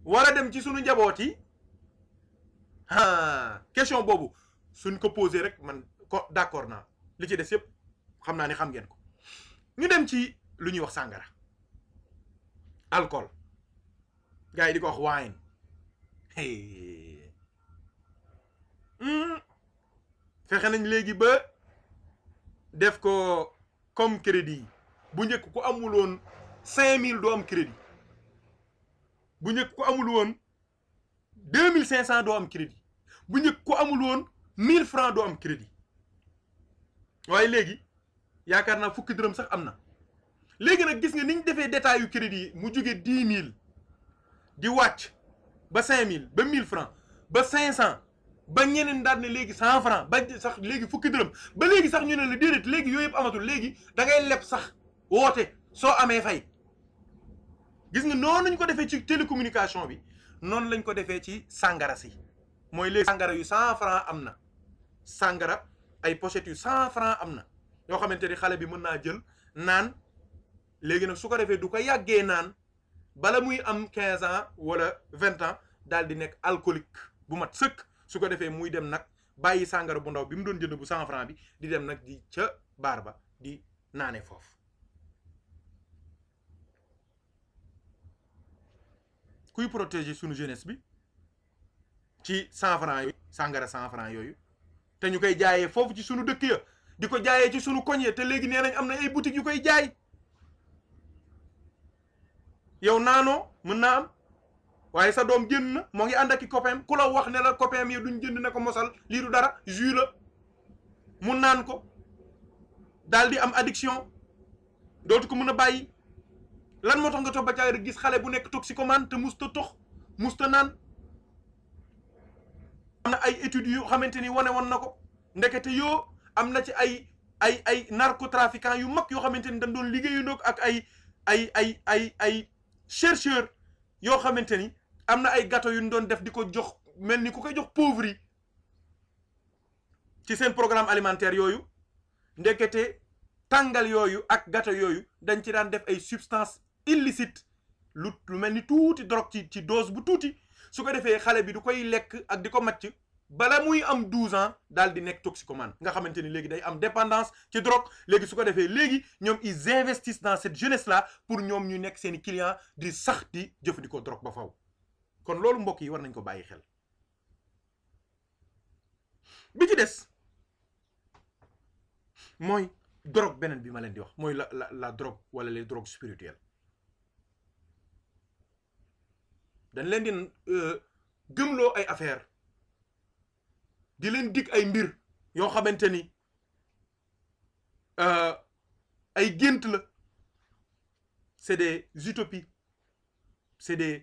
war a dem ci sunu njaboot yi ah question boobu suñ ko posé rek man ko d'accord na li ci des yëpp xam naa ni xam ngeen ko ñu dem ci lu ñuy wax sàngara alcool gars yi di ko wax wine Hmm. fexe nañ léegi ba def ko comme crédit bu njëkk ko amul woon cinq mille doo am crédit bu njëkk ko amul woon deux mille cinq cent doo am crédit bu njëkk ko amul woon mille francs doo am crédit waaye léegi yaakaar naa fukk dërëm sax am na léegi nag gis nga ni defee détail yu crédit yi mu jóge dix mille di wàcc ba cinq mille ba mille francs ba cinq cent ba ñeneen daal ne léegi cent francs ba sax léegi fukki dërëm ba léegi sax ñu ne la déedéet léegi yooyu yëpp amatul léegi da ngay leb sax woote soo amee fay gis nga noonu lañ ko defee ci télécommunication bi noonu lañ ko defee ci sàngara si mooy léegi sàngara yu cent francs am na sàngara ay pochette yu cent francs am na yoo xamante ni xale bi mën naa jël naan léegi nag su ko defee du ko yàggee naan bala muy am quinze ans wala vingt ans daal di nekk alcoolique bu mat sëkk su ko defee muy dem nag bàyyi sàngara bu ndaw bi mu doon jënd bu cent franc bi di dem nag di ca baar ba di naane foofu kuy protéger sunu jeunesse bi ci cent franc yooyu sàngara franc yooyu te ñu koy jaayee foofu ci sunu dëkk ya di ko jaayee ci sunu koñ ya te léegi nee nañ am na ay boutique yu koy jaay yow naanoo mën naa am waaye sa doom jënd na moo ngi ànd ak i copain ku la wax ne la copain yi duñ jënd na ko mosal lii du dara jus la mu naan ko daal di am addiction dootu ko mën a bàyyi lan moo tax nga toog ba caay rek gis xale bu nekk toxicomane te musta tox musta naan am na ay études yu xamante ni wane woon na ko ndekete yoo am na ci ay ay ay narcotrafiquant yu mag yoo xamante ni dañ doon liggéeyandoo ak ay ay ay ay chercheur yoo xamante ni am na ay gâteau yu ñu doon def di ko jox mel ni ku koy jox pauvre ci seen programme alimentaire yooyu ndekete tàngal yooyu ak gâteau yooyu dañ ci daan def ay substance illicite lu lu mel ni tuuti drogue ci ci dose bu tuuti su ko defee xale bi du koy lekk ak di ko macc bala muy am 12 ans daal di nekk toxi toxicomane nga xamante ni léegi day am dépendance ci drogue léegi su ko defee léegi ñoom ils investissent dans cette jeunesse la pour ñoom ñu nekk seeni i di sax di jëfandikoo drogue ba faw kon loolu mbokk yi war nañ ko bàyyi xel bi des mooy drogue beneen bi ma leen di wax mooy la la la drogue wala les drogues spirituelles dañ leen di euh, gëmloo ay affaires. di leen dig ay mbir yoo xamante ni euh, ay gént la c'est des utopies c'est des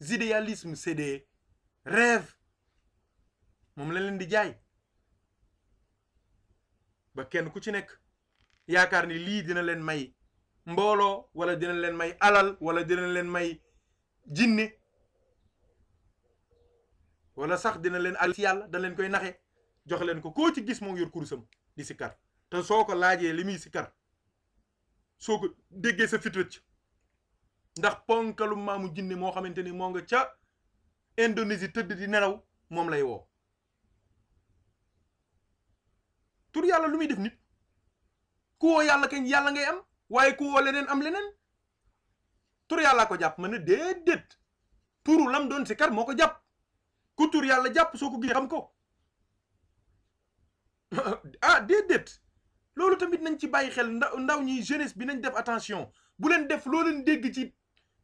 idéalismes c'est des moom la leen di jaay ba kenn ku ci nekk yaakaar ni lii dina leen may mbooloo wala dina leen may alal wala dina leen may jinne wala sax dina leen al ci yàlla da leen koy naxe jox leen ko koo ci gis moom ngi yor kurusam di si kar te soo ko laajee li muy si sikkar soo ko déggee sa fit rëcc ndax ponkalu maamu jinne moo xamante ni moo nga ca Indonésie tëdd di nelaw moom lay woo tur yàlla lu muy def nit ku woo yàlla kañ yàlla ngay am waaye ku woo leneen am leneen tur yàllaa ko jàpp ma ne déedéet turu lam doon sikkar moo ko jàpp ku yàlla jàpp soo ko gisee xam ko ah déedéet loolu tamit nañ ci bàyyi xel ndaw ñi jeunesse bi nañ def attention bu leen def loo leen dégg ci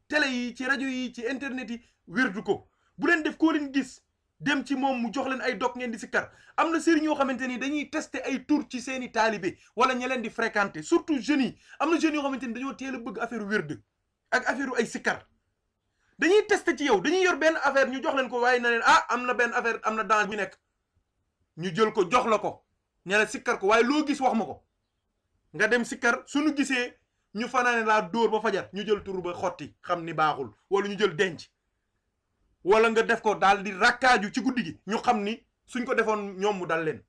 télé yi ci rajo yi ci internet yi wérdu ko bu leen def koo leen gis dem ci moom mu jox leen ay dog ngeen di sikkar am na sëriñ yoo xamante ni dañuy tester ay tour ci seen i taalibe wala ña leen di fréquenter surtout jeunes yi am na jeunes yoo xamante ni dañoo teel a bëgg affaire wérd ak affaire ay sikkar dañuy tester ci yow dañuy yor benn affaire ñu jox leen ko waaye na leen ah, am na benn affaire am na danger bu nekk ñu jël ko jox la ko ñu ne sikkar ko waaye loo gis wax ma ko nga dem sikkar suñu gisee ñu fanaane laa dóor ba fajar ñu jël tur ba xotti xam ni baaxul wala ñu jël denc wala nga def ko daal di rakkaaju ci guddi gi ñu xam ni suñ ko defoon ñoom mu dal leen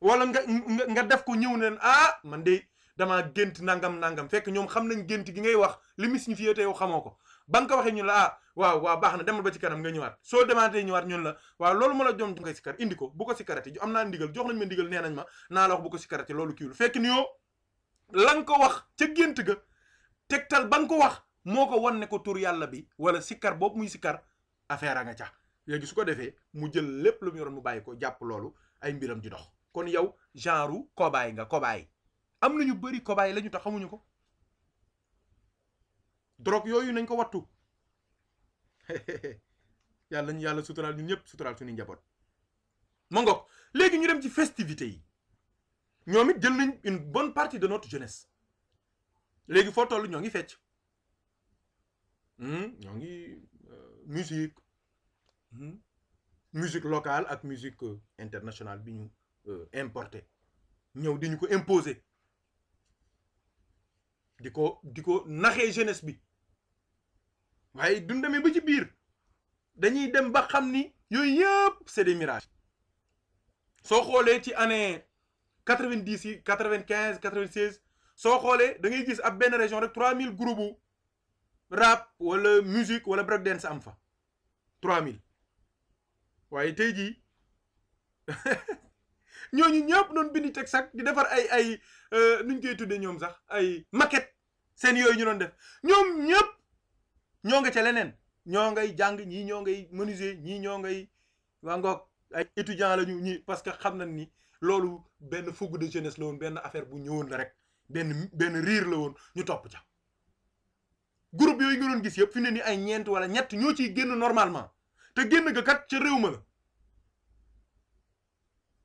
wala nga nga def ko ñëw neen ah man de damaa gént nangam nangam fekk ñoom xam nañ gént gi ngay wax li mu signifié te yow ko ba nga ko waxee ñun la ah, waaw waaw baax na demal ba ci kanam nga ñëwaat soo demaatee ñëwaat ñun la waaw loolu ma la jom koy sikkar indi ko bu ko sikkarati am naa ndigal jox nañ ma ndigal nee nañ ma naa la wax bu ko sikkarati loolu kiiwul fekk ni yoo la nga ko wax ca gént ga tegtal ba nga ko wax moo ko wan ne ko tur yàlla bi wala sikkar boobu muy sikkar affaire a nga ca léegi su ko defee mu jël lépp lu mu mu bàyyi ko jàpp loolu ay mbiram di dox kon yow genre kobaay nga kobaay am na ñu bëri kobaay la ñu tax ko drogue yooyu nañ ko wattu yàlla ñu yàlla suturaal ñun ñëpp suturaal suñu njaboot. ma ngoog léegi ñu dem ci festivité yi ñoom it jël nañ une bonne partie de notre jeunesse léegi foo toll ñoo ngi fecc hmm, ñoo ngi euh, musique hmm, musique locale ak musique euh, international bi ñu euh, importé ñëw di ñu ko imposer di ko di ko naxee jeunesse bi waaye duñ demee ba ci biir dañuy dem ba xam ni yooyu yëpp c'est des mirages soo xoolee ci année quatre vingt dix yi quatre vingt quinze quatre vingt seize soo xoolee dangay gis ab benn région rek trois mille groupes rap wala musique wala break dance am fa trois mille waaye tey jii ñooñu ñëpp doon bindi teg sax di defar ay ay euh, nuñ koy tuddee ñoom sax ay maquette seen yooyu ñu doon def ñoom ñëpp ñoo nga ca leneen ñoo ngay jàng ñii ñoo ngay menuisier ñii ñoo ngay waa ngoog ay étudiant la ñu ñii parce que xam nañ ni loolu benn fougue de jeunesse la woon benn affaire bu ñëwoon la rek benn benn riir la woon ñu topp ca groupe yooyu nga doon gis yëpp fi ni ay ñeent wala ñett ñoo ciy génn normalement te génn ga kat ca réew ma la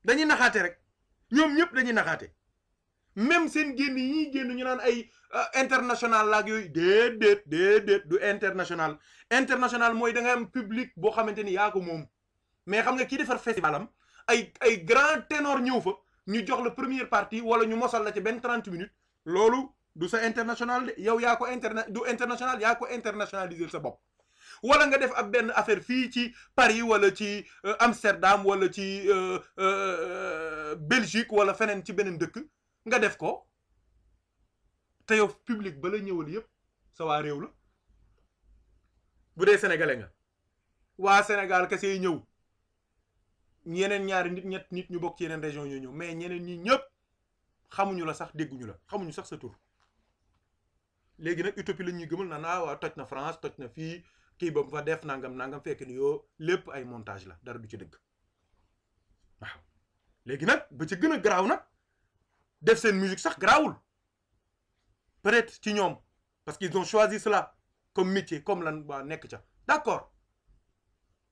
dañuy naxaate rek ñoom ñëpp dañuy naxaate même seen génn yi ñuy génn ñu naan ay euh, international laak yooyu déedéet déedéet du international international mooy da nga am public boo xamante ni yaa moom mais xam nga ki defar festivalam ay ay grand ténor ñëw fa ñu jox la première partie wala ñu mosal la ci benn trente minutes loolu du sa international de yow yaako ko du international yaako ko internationaliser sa bopp wala nga def ab benn affaire fii ci Paris wala ci euh, Amsterdam wala ci euh, Belgique wala feneen ci beneen dëkk nga def ko te yow public bala la ñëwal yëpp sa réew la bu dee sénégalais nga waa Sénégal kese yi ñëw yeneen ñaari nit ñett nit ñu bokk ci yeneen région ñoo ñëw mais ñeneen ñi ñëpp xamuñu la sax dégguñu la xamuñu sax sa tur léegi nag utopie la ñuy gëmal naan ah waa toj na France toj na fii kii ba mu fa def nangam nangam fekk ni yoo lépp ay montage la dara du ci dëgg waaw léegi nag ba ci gën a garaaw nag def seen musique sax graawul peut-être ci ñoom parce qu'ils ont choisi cela comme métier comme lan waa nekk ca d'accord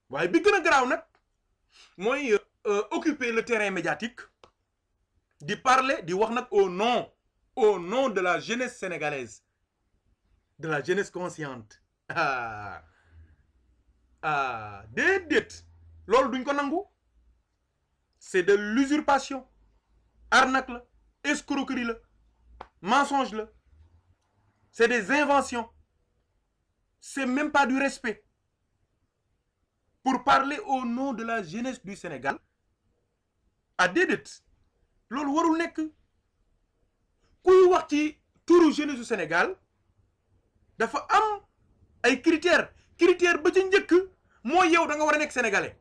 waaye bi gën a garaaw nag mooy euh, euh, occuper le terrain médiatique di parler di wax nag au nom au nom de la jeunesse sénégalaise de la jeunesse consciente ah ah déedéet loolu duñ ko nangu c'est de l'usurpation arnaque la escroquerie la mensonge la c'est des inventions c'est même pas du respect pour parler au nom de la jeunesse du Sénégal à déedéet loolu warul nekk kuy wax ci turu jeunesse du Sénégal dafa am ay critères critères ba ca njëkk mooy yow da nga war a nekk sénégalais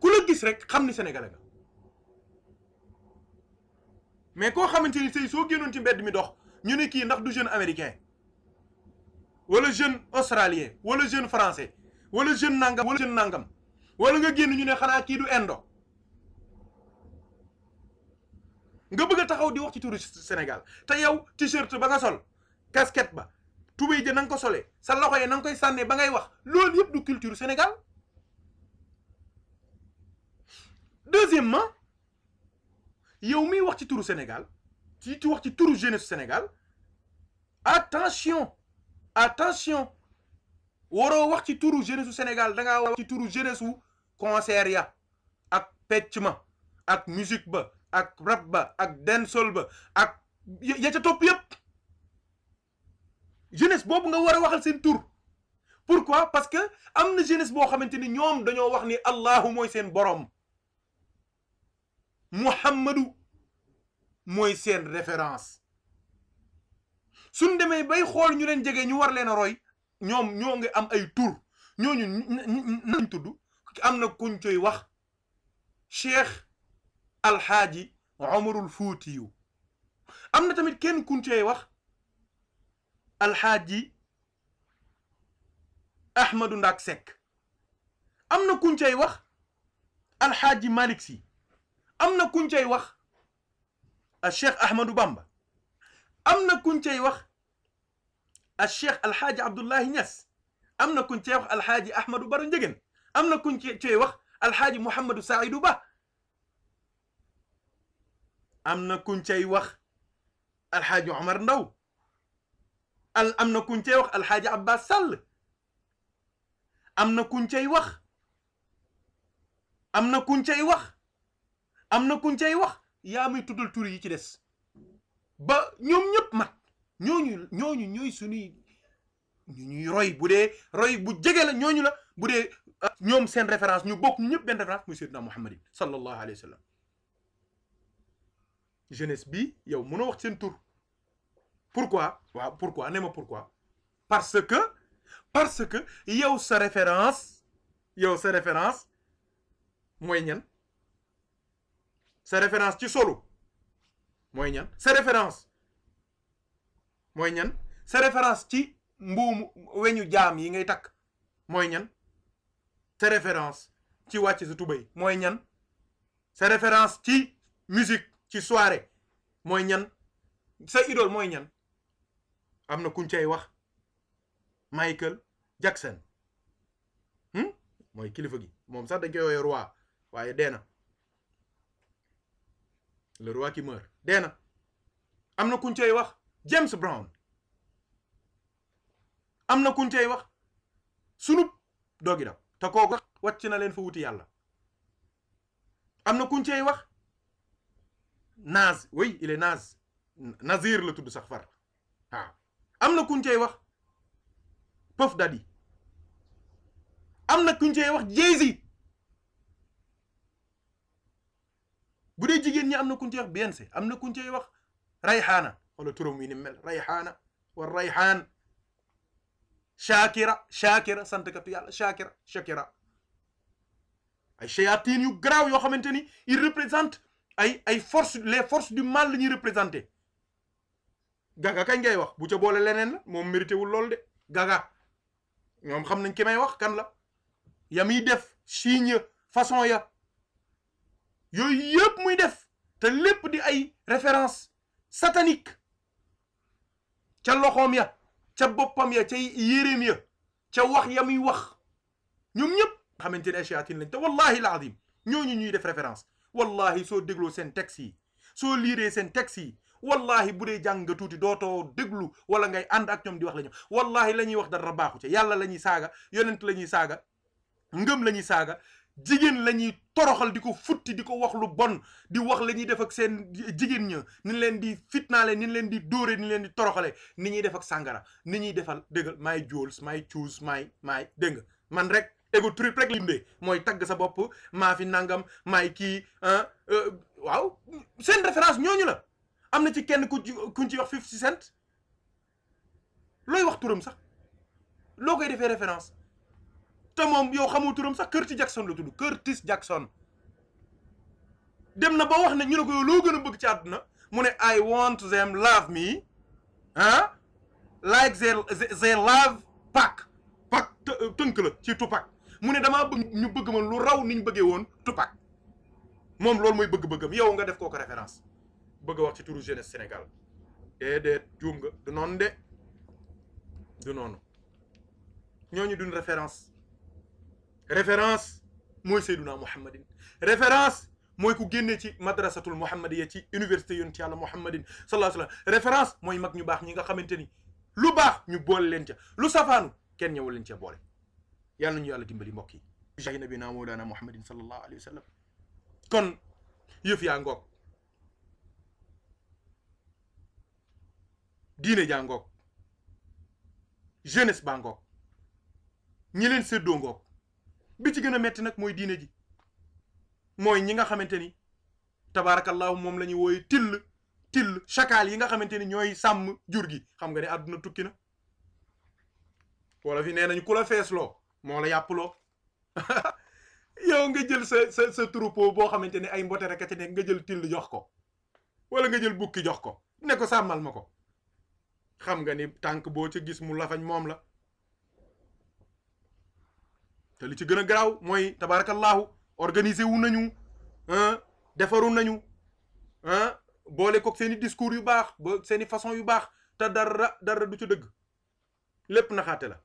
ku la gis rek xam ni sénégalais mais koo xamante ni tey soo génnoon ci mbedd mi dox ñu ne kii ndax du jeune américain wala jeune australien wala jeune français wala jeune nangam wala jeune nangam wala nga génn ñu ne xanaa kii du indo nga bëgg a taxaw di wax ci turu Sénégal te yow t-shirt ba nga sol casquette ba tubéy ja na ko sole sa loxo yi na nga koy sànnee ba ngay wax loolu yëpp du culture Sénégal deuxièmement yow miy wax ci turu Sénégal ci ci wax ci turu jeunesse Sénégal attention attention waroo wax ci turu jeunesse Sénégal da ngaa wax ci turu jeunesse wu concert ya ak pecc ma ak musique ba ak rap ba ak dancehall ba ak ya ca topp yépp jeunesse boobu nga war a waxal seen tur pourquoi parce que am na jeunesse boo xamante ni ñoom dañoo wax ni Allahu mooy seen borom muhammadu mooy seen référence suñ demee bay xool ñu leen jege ñu war leen a roy ñoom ñoo ngi am ay tur ñooñu nañ tudd am na kuñ coy wax cheikh alxaaji omarul fuutiyu am na tamit kenn kuñ coy wax alxaaji ahmadu ndak sekk am na kuñ coy wax alxaaji malik si am na kuñ cay wax a cheikh Ahmadou Bamba am na kuñ cay wax a cheikh Alxaaji Abdullahi Niass am na kuñ cay wax Alxaaji Ahmadou Baro Njëgeen am na kuñ cay wax Alxaaji Mouhamadou Saïdou Ba am na kuñ cay wax Alxaaji Omar Ndaw al am na kuñ cay wax Alxaaji Abbas Sall am na kuñ cay wax am na kuñ cay wax am na kuñ cay wax yaa muy tuddal tur yi ci des ba ñoom ñëpp mat ñooñu ñooñu ñooy suñuy ñu roy bu dee roy bu jege la ñooñu la bu dee ah, ñoom seen référence ñu bokk ñëpp benn référence muy Seydina Muhammadin sallallahu alayhi wa sallam jeunesse bi yow mënoo wax seen tur pourquoi waaw pourquoi ne ma pourquoi parce que parce que yow sa référence yow sa référence mooy ñan sa référence ci solo mooy ñan sa référence mooy ñan sa ci mbuumu weñu jaam yi ngay takk mooy ñan sa référence ci wàcc sa tubéy mooy ñan sa référence ci musique ci soirée mooy ñan sa idole mooy ñan am na kuñ cay wax Michael Jackson hmm? mooy kilifa gi moom sax dañ koy roi waaye dee na le roi qui meurt dee na am na kuñ cay wax James Brown am na kuñ cay wax sunub doogi dab te kooku wàcc na leen fa wuti yàlla am na kuñ cay wax naaz oui il est naaz nazir la tudd sax far waaw am na kuñ cay wax Puff Daddy am na kuñ cay wax jay bu dee jigéen ñi am na kuñ ci wax BNC am na kuñ ci wax rayxaana wala turam wi ni mel rayxaana war rayxaan shakira shakira santkatu yàlla shakira shakira ay shayatin yu garaaw yoo xamante ni il représente ay ay force les forces du mal la ñuy représenté gaga kañ ngay wax bu ca boole leneen la moom mérité wul lool de gaga ñoom xam nañ ki may wax kan la ya muy def signe façon ya yooyu yëpp muy def te lépp di ay référence satanique ca loxoom ya ca boppam ya ca yéreem ya ca wax ya muy wax ñoom ñëpp xamante ne ay shayatin lañ te wallahi al azim ñooñu ñuy def référence wallahi soo dégloo seen texte yi soo liiree seen texte yi wallahi bu dee jàng nga tuuti dootoo déglu wala ngay ànd ak ñoom di wax la ñu wallahi la ñuy wax dara baaxu ca yàlla la ñuy saaga yonent la ñuy saaga ngëm lañuy saaga jigéen la ñuy toroxal di ko futti di ko wax lu bon di wax la ñuy def ak seen jigéen ña ni leen di fitnaale ni leen di dóore ni leen di toroxale ni ñuy def ak sàngara ni ñuy defal dëggal maay jools maay cuus maay maay dégg nga man rek égo trip rek limbee mooy tagg sa bopp maa fi nangam maay kii ah, euh, waaw seen référence ñooñu la am na ci kenn ku kuñ ci wax fifty cent looy wax turam sax loo koy defee référence te moom yow xamul turam sax Curtis Jackson la tudd Curtis Jackson dem na ba wax na ñu ne ko yow loo gën a bëgg ci na mu ne I want them love me ah like they they love Pac Pac tënk la ci Tupac mu ne damaa bëgg ñu bëgg ma lu raw ni ñu bëggee woon Tupac moom loolu mooy bëgg-bëggam yow nga def kooko référence bëgg a wax ci turu jeunesse Sénégal déedéet juum nga du noonu de du noonu ñooñu duñ référence référence mooy Seyduna Muhammadin référence mooy ku génnee ci madrasatul muhammadiya ci université yonent yàlla muhammadin sallallahu alayhi wasallam référence mooy mag ñu baax ñi nga xamante ni lu baax ñu boole leen ca lu safaanu kenn ñëwul leen ca boole yàlla ñu yàlla dimbali mbokk yi bi na naa mawlaana muhammadin sallallahu alayhi wasallam kon yëf yaa ngoog diine jaa ngoog jeunesse baa ngoog ñi leen séddoo ngoog bi ci gën a metti nag mooy diine ji mooy ñi nga xamante ni tabaarakallaahu moom la ñuy wooyu till till chakaal yi nga xamante ni ñooy sàmm jur gi xam nga ne àdduna tukki na wala fi nee nañ ku la feesloo moo la yàpploo yow nga jël sa sa sa troupeau boo xamante ni ay mbote rek a ci nekk nga jël till jox ko wala nga jël bukki jox ko ne sàmmal ma ko xam nga ni tànk boo ca gis mu lafañ moom la li ci gën a garaaw mooy tabaarakallaahu organiser wu nañu defaru nañu ah boole koog seen i discours yu baax ba seen i façon yu baax te dara dara du ci dëgg lépp na xaate la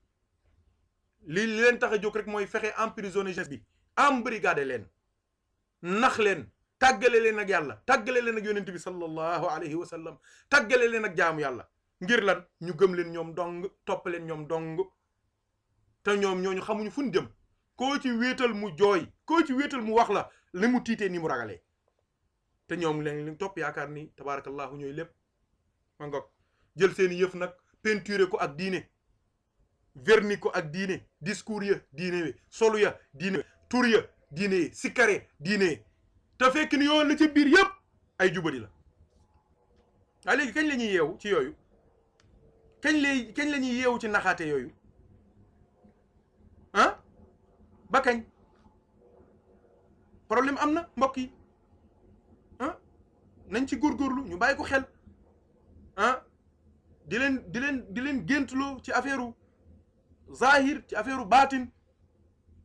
li leen tax a jóg rek mooy fexe en emprisonné jeunesse bi embrigadé leen nax leen tàggale leen ak yàlla tàggale leen ak yonent bi sallallahu alayhi wa sallam tàggale leen ak jaamu yàlla ngir lan ñu gëm leen ñoom dong topp leen ñoom dong te ñoom ñooñu xamuñu fu ñu jëm koo ci mu jooy koo ci wéetal mu wax la li mu tiitee ni mu ragalee te ñoom leen li topp yaakaar ni tabaarakallaahu ñooy lépp jël seeni yëf nag peinturer ko ak diine verni ko ak diine discours ya diine we solu ya diine tur ya diine yi sikkare diine te fekk ni yoon la ci biir yëpp ay jubadi la waaye léegi kañ la ñuy yeewu ci yooyu kañ lay kañ la ñuy yeewu ci naxaate yooyu ba kañ problème am na mbokk yi ah nañ ci góorgóorlu ñu bàyyi ko xel ah di leen di leen di leen géntuloo ci affaire u zahir ci affaire u baatin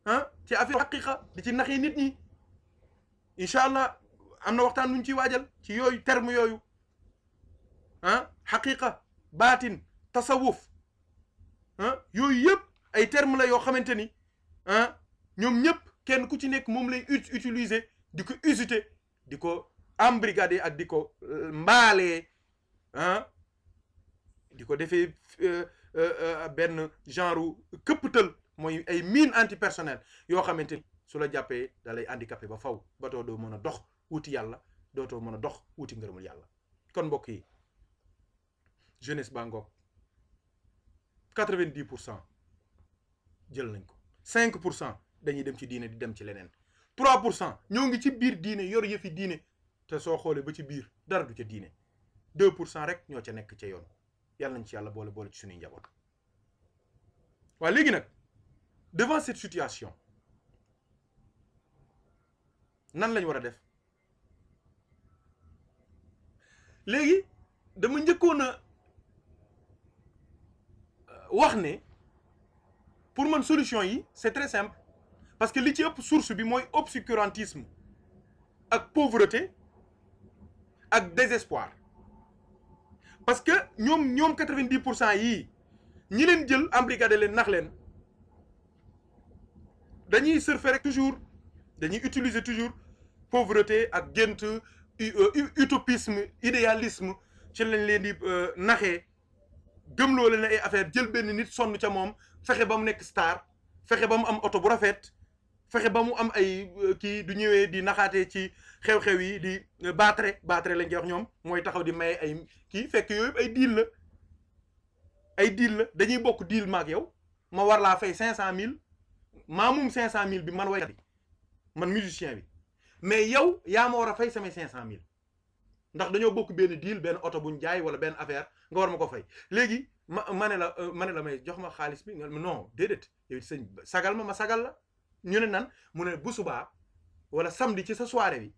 ah ci affaire xaqiqa di ci naxee nit ñi incha allah am na waxtaan nuñ ciy waajal ci yooyu terme yooyu ah xaqiqa baatin tasawuf ah yooyu yëpp ay terme la yoo xamante ni ñoom ñëpp kenn ku ci nekk moom lay utiliser di ko usiter di ko embrigader ak di ko euh, mbaalee ah di ko defee euh, euh, benn genre këpptal mooy ay mine antipersonnel yoo xamante ni su la jàppee da lay handicapé ba faw ba too doo mën a dox wuti yàlla dootoo mën a dox wuti ngërëmul yàlla kon mbokk yi jeunesse baa ngoog quatre-vingt-dix pour cent jël nañ ko cinq pour cent dañuy dem ci diine di dem ci leneen 3 pour cent ñoo ngi ci biir diine yor yëfi diine te soo xoolee ba ci biir dara du ca diine 2 pour cent rek ñoo ca nekk ca yoon yàlla nañ ci yàlla boole boole ci suñuy njaboot. waaw léegi nag devant cette situation nan lañ war a def léegi dama njëkkoon a euh, wax ne pour man solution yi c'est très simple. parce que li ci ëpp source bi mooy obscurantisme ak pauvreté ak désespoir parce que ñoom ñoom quatre-vingt-dix pour cent yi ñi leen jël embrigadé leen nax leen dañuy surfer toujours dañuy utiliser toujours pauvreté ak gént euh, utopisme idéalisme ci lañ leen di euh, naxee gëmloo leen ay affaire jël benn nit sonn ca moom fexe ba mu nekk star fexe ba mu am oto bu rafet fexe ba mu am ay euh, kii du ñëwee di naxaatee ci xew-xew yi di euh, baatre baatre lañ koy wax ñoom mooy taxaw di maye ay kii fekk yooyu ay deal la ay deal la dañuy bokk deal maak yow ma war laa fay cinq cent mille maa moom cinq cent mille bi man way bi man musicien bi mais yow yaa ma war a fay samay cinq cent mille ndax dañoo bokk benn deal benn oto buñ jaay wala benn affaire nga war ma ko fay léegi ma ma la euh, ma ne la may jox ma xaalis bi nga non déedéet yow sëñ sagal ma ma sagal la ñu ne nan mu ne bu subaa wala samedi ci sa soirée bi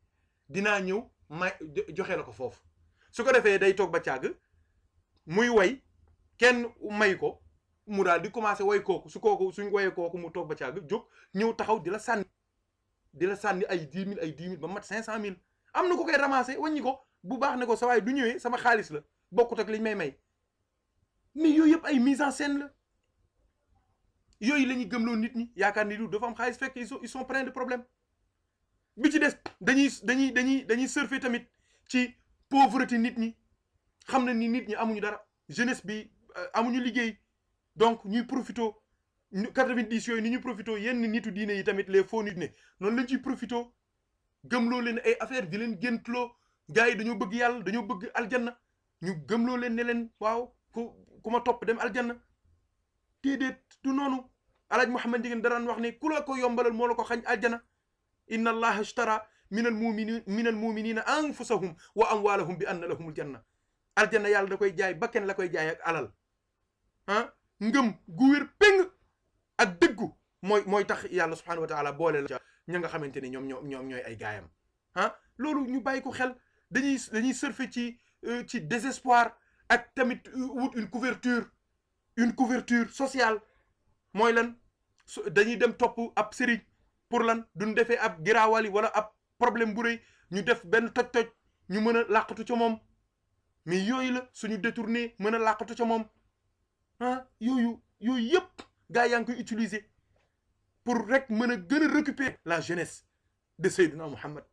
dinaa ñëw may joxe la ko foofu su ko defee day toog ba càgg muy way kenn may ko mu daal di commencé way kooku su kooku suñ woyee kooku mu toog ba càgg jóg ñëw taxaw di la sànni dina sànni ay dix mille ay dix mille ba mat cinq cent mille am na ko koy ramassé waññi ko bu baax ne ko sa waay du ñëwee sama xaalis la bokkut ak liñ may may mais yooyu yëpp ay mise en scène la yooyu la ñuy gëmloon nit ñi yaakaar ni du dafa am xaalis fekk ils sont ils sont pleins de ci des dañuy dañuy dañuy dañuy surfer tamit ci pauvreté nit ñi xam na ni nit ñi amuñu dara jeunesse bi euh, amuñu liggéey donc ñuy profito ñu 90 yooyu ni ñuy profito yenn nitu diine yi tamit les faux nit ne noonu lañ ciy profito gëmloo leen ay affaire di leen géntloo gars yi dañoo bëgg yàlla dañoo bëgg aljanna ñu gëmloo leen ne leen waaw ku ku ma topp dem aljanna déedéet du noonu alaaj Mouhamed Ndieguene daraan wax ne ku ko yombalal moo la ko xañ aljana inna allaha ishtara min al muminin min al muminina anfusahum wa amwalahum bi anna lahumul janna aljana yàlla da koy jaay bakken la koy jaay ak alal ah ngëm gu wér péng ak dëggu mooy mooy tax yàlla subhanahu wa taala boole la ña nga xamante ne ñoom ñoom ñoom ñooy ay gaayam ah loolu ñu bàyyi ko xel dañuy dañuy surfer ci euh, ci désespoir ak tamit euh, wut une couverture une couverture sociale mooy lan dañuy dem topp ab sëriñ pour lan duñ defee ab giraawali wala ab problème bu rëy ñu def benn toj-toj ñu mën a làqatu ca moom mais yooyu la suñu détourné mën a làqatu ca moom ah yooyu yooyu yëpp gars yaa ngi koy utiliser pour rek mën a gën a récupérer la jeunesse de Seydina Muhammad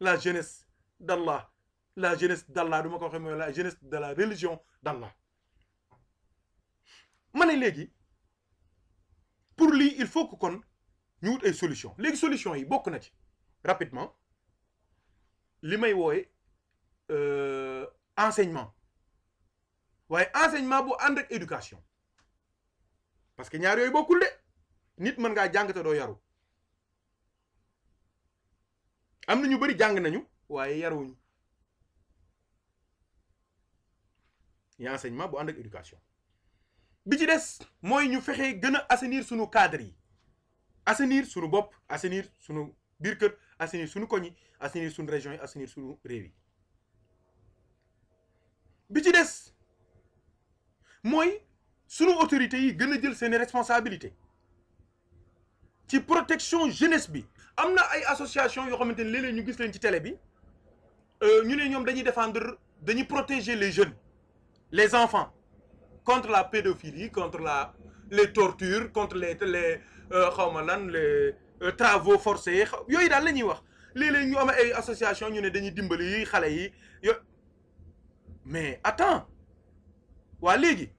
la jeunesse d'Allah la jeunesse d'Allah du ma ko waxee mooy la jeunesse de la religion d'Allah ma ne léegi pour lii il faut que kon ñu wut ay solution léegi solution yi bokk na ci rapidement li may wooye euh, enseignement waaye enseignement bu ànd ak éducation parce que ñaar yooyu bokkul de nit mën ngaa jàng te doo yaru am na ñu bari jàng nañu waaye yaruwuñu yi enseignement bu ànd ak bi ci des mooy ñu fexe gën a assenir sunu cadre yi assainir sunu bopp assainir sunu biir kër assainir sunu koñ yi assainir sunu région yi sunu réew yi bi ci des mooy sunu autorités yi gën a jël seeni responsabilité ci protection jeunesse bi. am na ay association yoo xamante ne léeg ñu gis leen ci tele bi euh, ñu ne ñoom dañuy défendre dañuy protéger les jeunes les enfants. contre la pédophilie contre la les tortures contre les les euh, xawma lan les euh, travaux forcés yooyu daal la ñuy wax léeg-léeg ñu am ay association ñu ne dañuy dimbali xale yi yo mais attends waa léegi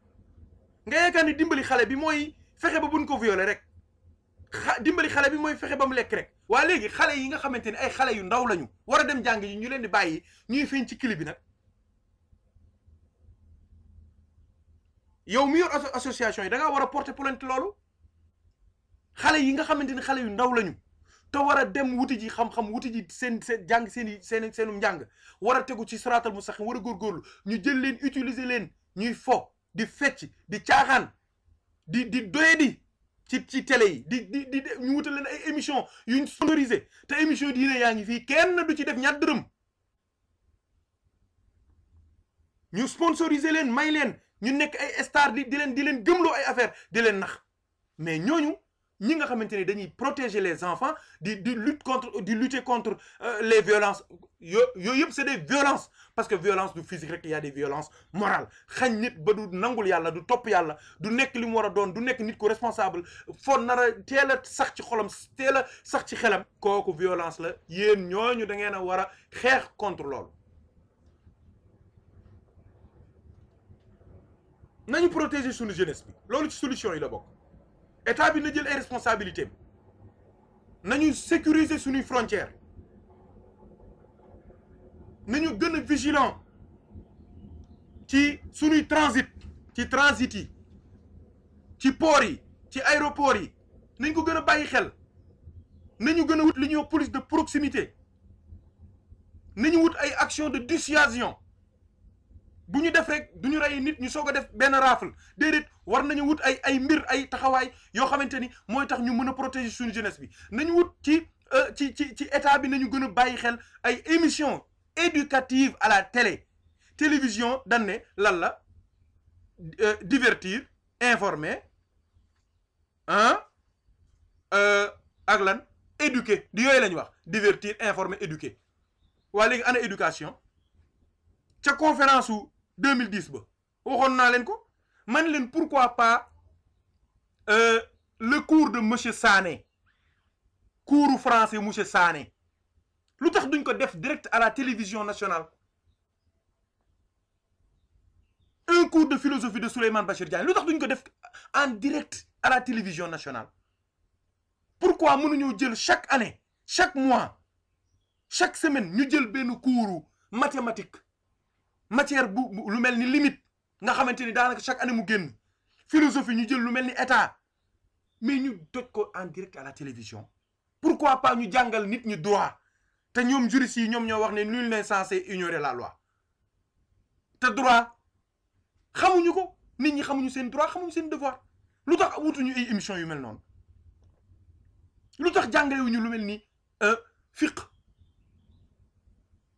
nga yaakaar ni dimbali xale bi mooy fexe ba buñ ko violé rek xa dimbali xale bi mooy fexe ba mu lekk rek waa léegi xale yi nga xamante ni ay xale yu ndaw lañu war a dem jàng yi ñu leen di bàyyi ñuy feeñ ci kili bi nag yow mi yor association yi da ngaa war a porter plainte loolu xale yi nga xamante ni xale yu ndaw lañu te war a dem wuti ji xam-xam wuti ji seen seen jàng seen i seen seenum njàng war a tegu ci siraatal mustaqim war a góorgóorlu ñu jël leen utiliser leen ñuy fo di fecc di caaxaan di di doyadi ci ci télé yi di di di ñu wutal leen ay émission yuñ sonorisé te émission diine yaa ngi fii kenn du ci def ñaar dërëm ñu sponsorisé leen may leen ñu nekk ay star di di leen di leen gëmloo ay affaire di leen nax mais ñooñu ñi nga xamante ne dañuy protéger les enfants di di lutte contre di lutter contre euh, les violences yo yooyu yëpp c'est des violences parce que violence du physique rek il y a des xañ nit ba du nangul yàlla du topp yàlla du nekk li mu war a doon du nekk nit ku responsable foo nar a teel a sax ci xolam teel a sax ci xelam kooku violence la yéen ñooñu da ngeen a war a xeex contre loolu nañu protégé suñu jeunesse bi loolu ci solution yi la bokk état bi na jël ay responsabilités nañu sécuriser suñuy frontières nañu gën a vigilant ci sunuy transit ci transit yi ci port yi ci aéroport yi nañ ko gën a bàyyi xel nañu gën a wut li ñuy wax police de proximité ñu wut ay action de dissuasion bu ñu def rek du ñu rey nit ñu soog a def benn rafle déedéet war nañu wut ay ay mbir ay taxawaay yoo xamante ni mooy tax ñu mën a protéger suñu jeunesse bi nañu wut ci euh, ci ci ci état bi nañu gën a bàyyi xel ay émission éducative à la télé télévision dañ ne lan la euh, divertir informer ah ak lan éduquer di yooyu la wax divertir informer éduquer waa léegi ana éducation ca conférence su 2010 ba waxoon naa leen ko man leen pourquoi pas euh, le cours de monsieur Sané cours français monsieur Sané lu tax duñ ko def direct à la télévision nationale un cours de philosophie de Souleymane Bachir Diagne lu tax duñ ko def en direct à la télévision nationale pourquoi mënuñoo jël chaque année chaque mois chaque semaine ñu jël benn cours mathématique matière bu lu mel ni limite nga xamante ni daanaka chaque année mu génn philosophie ñu jël lu mel ni état mais ñu doj ko en direct à la télévision pourquoi pas ñu jàngal nit ñi droit te ñoom juristes yi ñoom ñoo wax ne nul n'est censé ignorer la loi te droit xamuñu ko nit ñi xamuñu seen droit xamuñu seen devoir lu tax wutuñu ay émission yu mel noonu lu tax jàngalewuñu lu mel ni euh, fiqh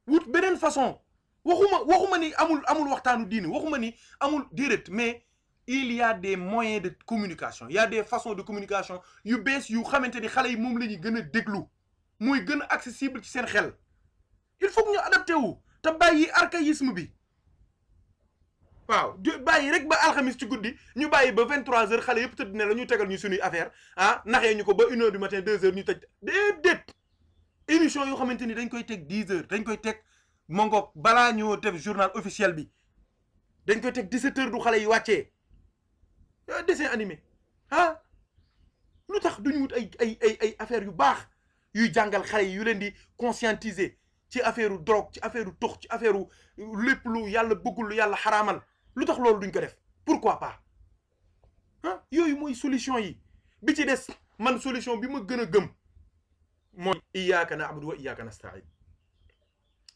wut beneen façon waxuma waxuma ni amul amul waxtaanu diine waxuma ni amul déedéet mais il y des moyens de communication ya des façons de communication yu bees yu xamante ni xale yi moom la ñuy gën a déglu muy gën a accessible ci seen xel il faut ñu adapté wu te bàyyi archaïsme bi waaw bàyyi rek ba alxamis ci guddi ñu bàyyi ba 23h xale yëpp tëdd ne la ñu tegal ñu suñuy affaire ah naxee ñu ko ba une heure du matin deux heures ñu tëj déedéet yoo xamante ni dañ koy teg dix heures dañ koy teg. mongoog balaa ñoo def journal officiel bi dañ ko teg 17 heures du xale yi wàccee euh, dessin animé ah lu tax du ñu wut ay ay ay ay affaires yu baax yuy jàngal xale yu leen di conscientiser ci affaire u drogue ci affaire u ci affaire u lu yàlla bëggul lu yàlla xaraamal lu tax loolu duñ ko def pourquoi pas ah yooyu mooy solution yi bi ci des man solution bi ma gën a gëm mooy iyyaka na'budu wa iyyaka nasta'in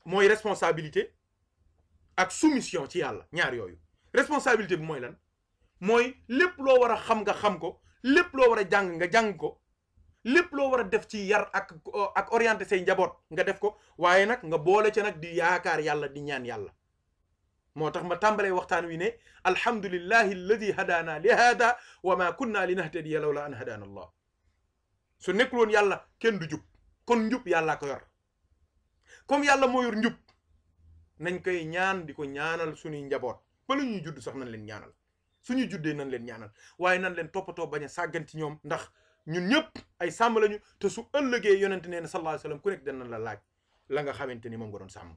mooy responsabilité ak soumission ci yàlla ñaar yooyu responsabilité bi mooy lan mooy lépp loo war a xam nga xam ko lépp loo war a jàng nga jàng ko lépp loo war a def ci yar ak ak orienté say njaboot nga def ko waaye nag nga boole ci nag di yaakaar yàlla di ñaan yàlla moo tax ma tàmbalee waxtaan wi ne alhamdulillahi alladi hadaana li hada wa ma kunna li nahtadiya lawla an hadaana allah su nekkuloon yàlla kenn du jub kon njub yàllaa ko yor comme yàlla moo yor njub nañ koy ñaan di ko ñaanal suñuy njaboot ba lu ñuy judd sax nañ leen ñaanal suñuy juddee nañ leen ñaanal waaye nañ leen toppatoo bañ a sàggan ci ñoom ndax ñun ñëpp ay sàmm lañu te su ëllëgee yonente nee na sallallahu alayhi wasallam ku nekk dana la laaj la nga xamante ni moom nga doon sàmm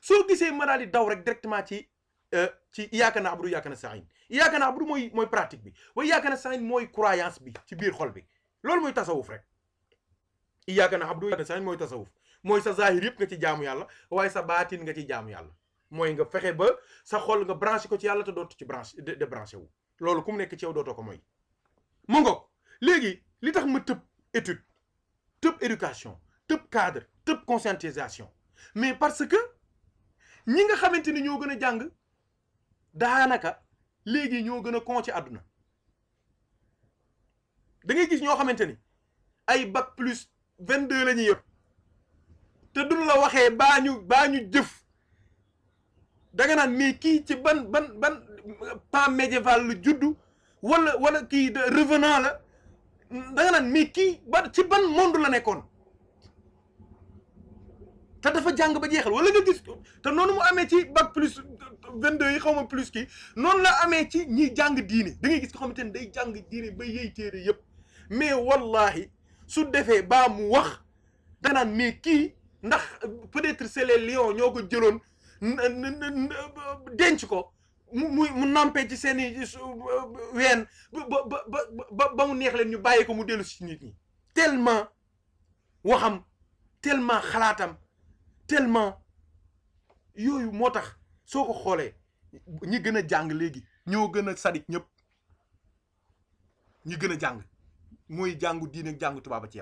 soo gisee ma daw rek directement ci euh, ci yaakaar na abdu yaakaar na sahin yaakaar na abdu mooy mooy pratique bi waaye yaakaar na sahin mooy croyance bi ci biir xol bi loolu mooy tasawuf rek yaakaar na abdu yaakaar na sahin mooy tasawuf mooy sa zahir yëpp nga ci jaamu yàlla waaye sa baatin nga ci jaamu yàlla mooy nga fexe ba sa xol nga branché ko ci yàlla te dootu ci branché débranché wu loolu ku mu nekk ci yow dootoo ko mooy mu ngoog léegi li tax ma tëb étude tëb éducation tëb cadre tëb conscientisation mais parce que ñi nga xamante ni ñoo gën a jàng daanaka léegi ñoo gën a kon ci àdduna da ngay gis ñoo xamante ni ay bac plus vingt deux la ñuy yëpp te duñ la waxee baa ñu baa jëf danga naan mais kii ci ban ban ban médiéval lu juddu walla wala kii de revenant la danga naan mais kii ci ban monde la nekkoon te defa jàng ba jeexal wala nga gis te noonu mu amee ci bac plus 22 yi xaw ma plus ki noonu la amee ci ñiy jàng diine da ngay gis ko xamante ne day jàng diine ba yey téere yëpp mais wallahi su defee baa mu wax danga naan mais kii. ndax peut-être c'est les lions ñoo ko jëloon denc ko mu mu mu nampé ci seen ween ba ba ba ba mu neex leen ñu bàyyi ko mu dellu si nit ñi tellement waxam tellement xalaatam tellement yooyu moo tax soo ko xoolee ñi gën a jàng léegi ñoo gën a sadik ñëpp ñi gën a jàng mooy jàngu diine ak jàngu tubaab a ci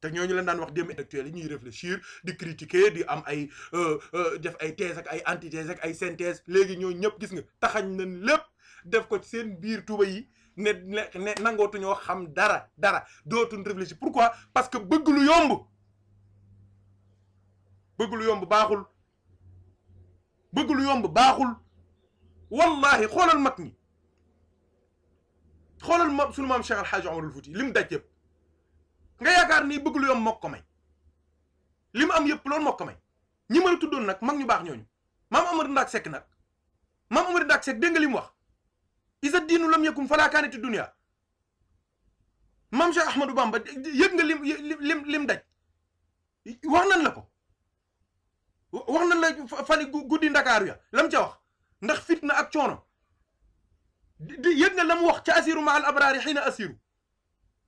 te ñooñu leen daan wax démb intellectuels yi ñuy réfléchir di critiquer di am ay euh, euh, def ay thèse ay antithèse ak ay synthèse léegi ñooñu ñëpp gis nga taxañ nañ lépp def ko ci seen biir tuba yi ne ne nangootuñoo xam dara dara dootuñ réfléchir pourquoi parce que bëgg lu yomb bëgg lu yomb baaxul bëgg lu yomb baaxul wallahi xoolal mat ñi xoolal ma sunu maam Cheikh Al Hadj Omarul Fouti li mu daj yëpp nga yaakaar nii bëgg lu yomb moo may li mu am yëpp loolu moo may ñi ma tuddoon nag mag ñu baax ñooñu maam Amady Ndaak Seck nag maam Amady Ndaak Seck dégg nga li mu wax isa diinu lam yëkkum falaakaaniti dunia maam Cheikh Ahmadou Bamba yëg nga lim daj wax nan la ko wax nan la fani guddi ndakaaru ya lam ca wax ndax fitna ak coono di yëg nga la mu wax ca asiru ma al abraari xiina asiru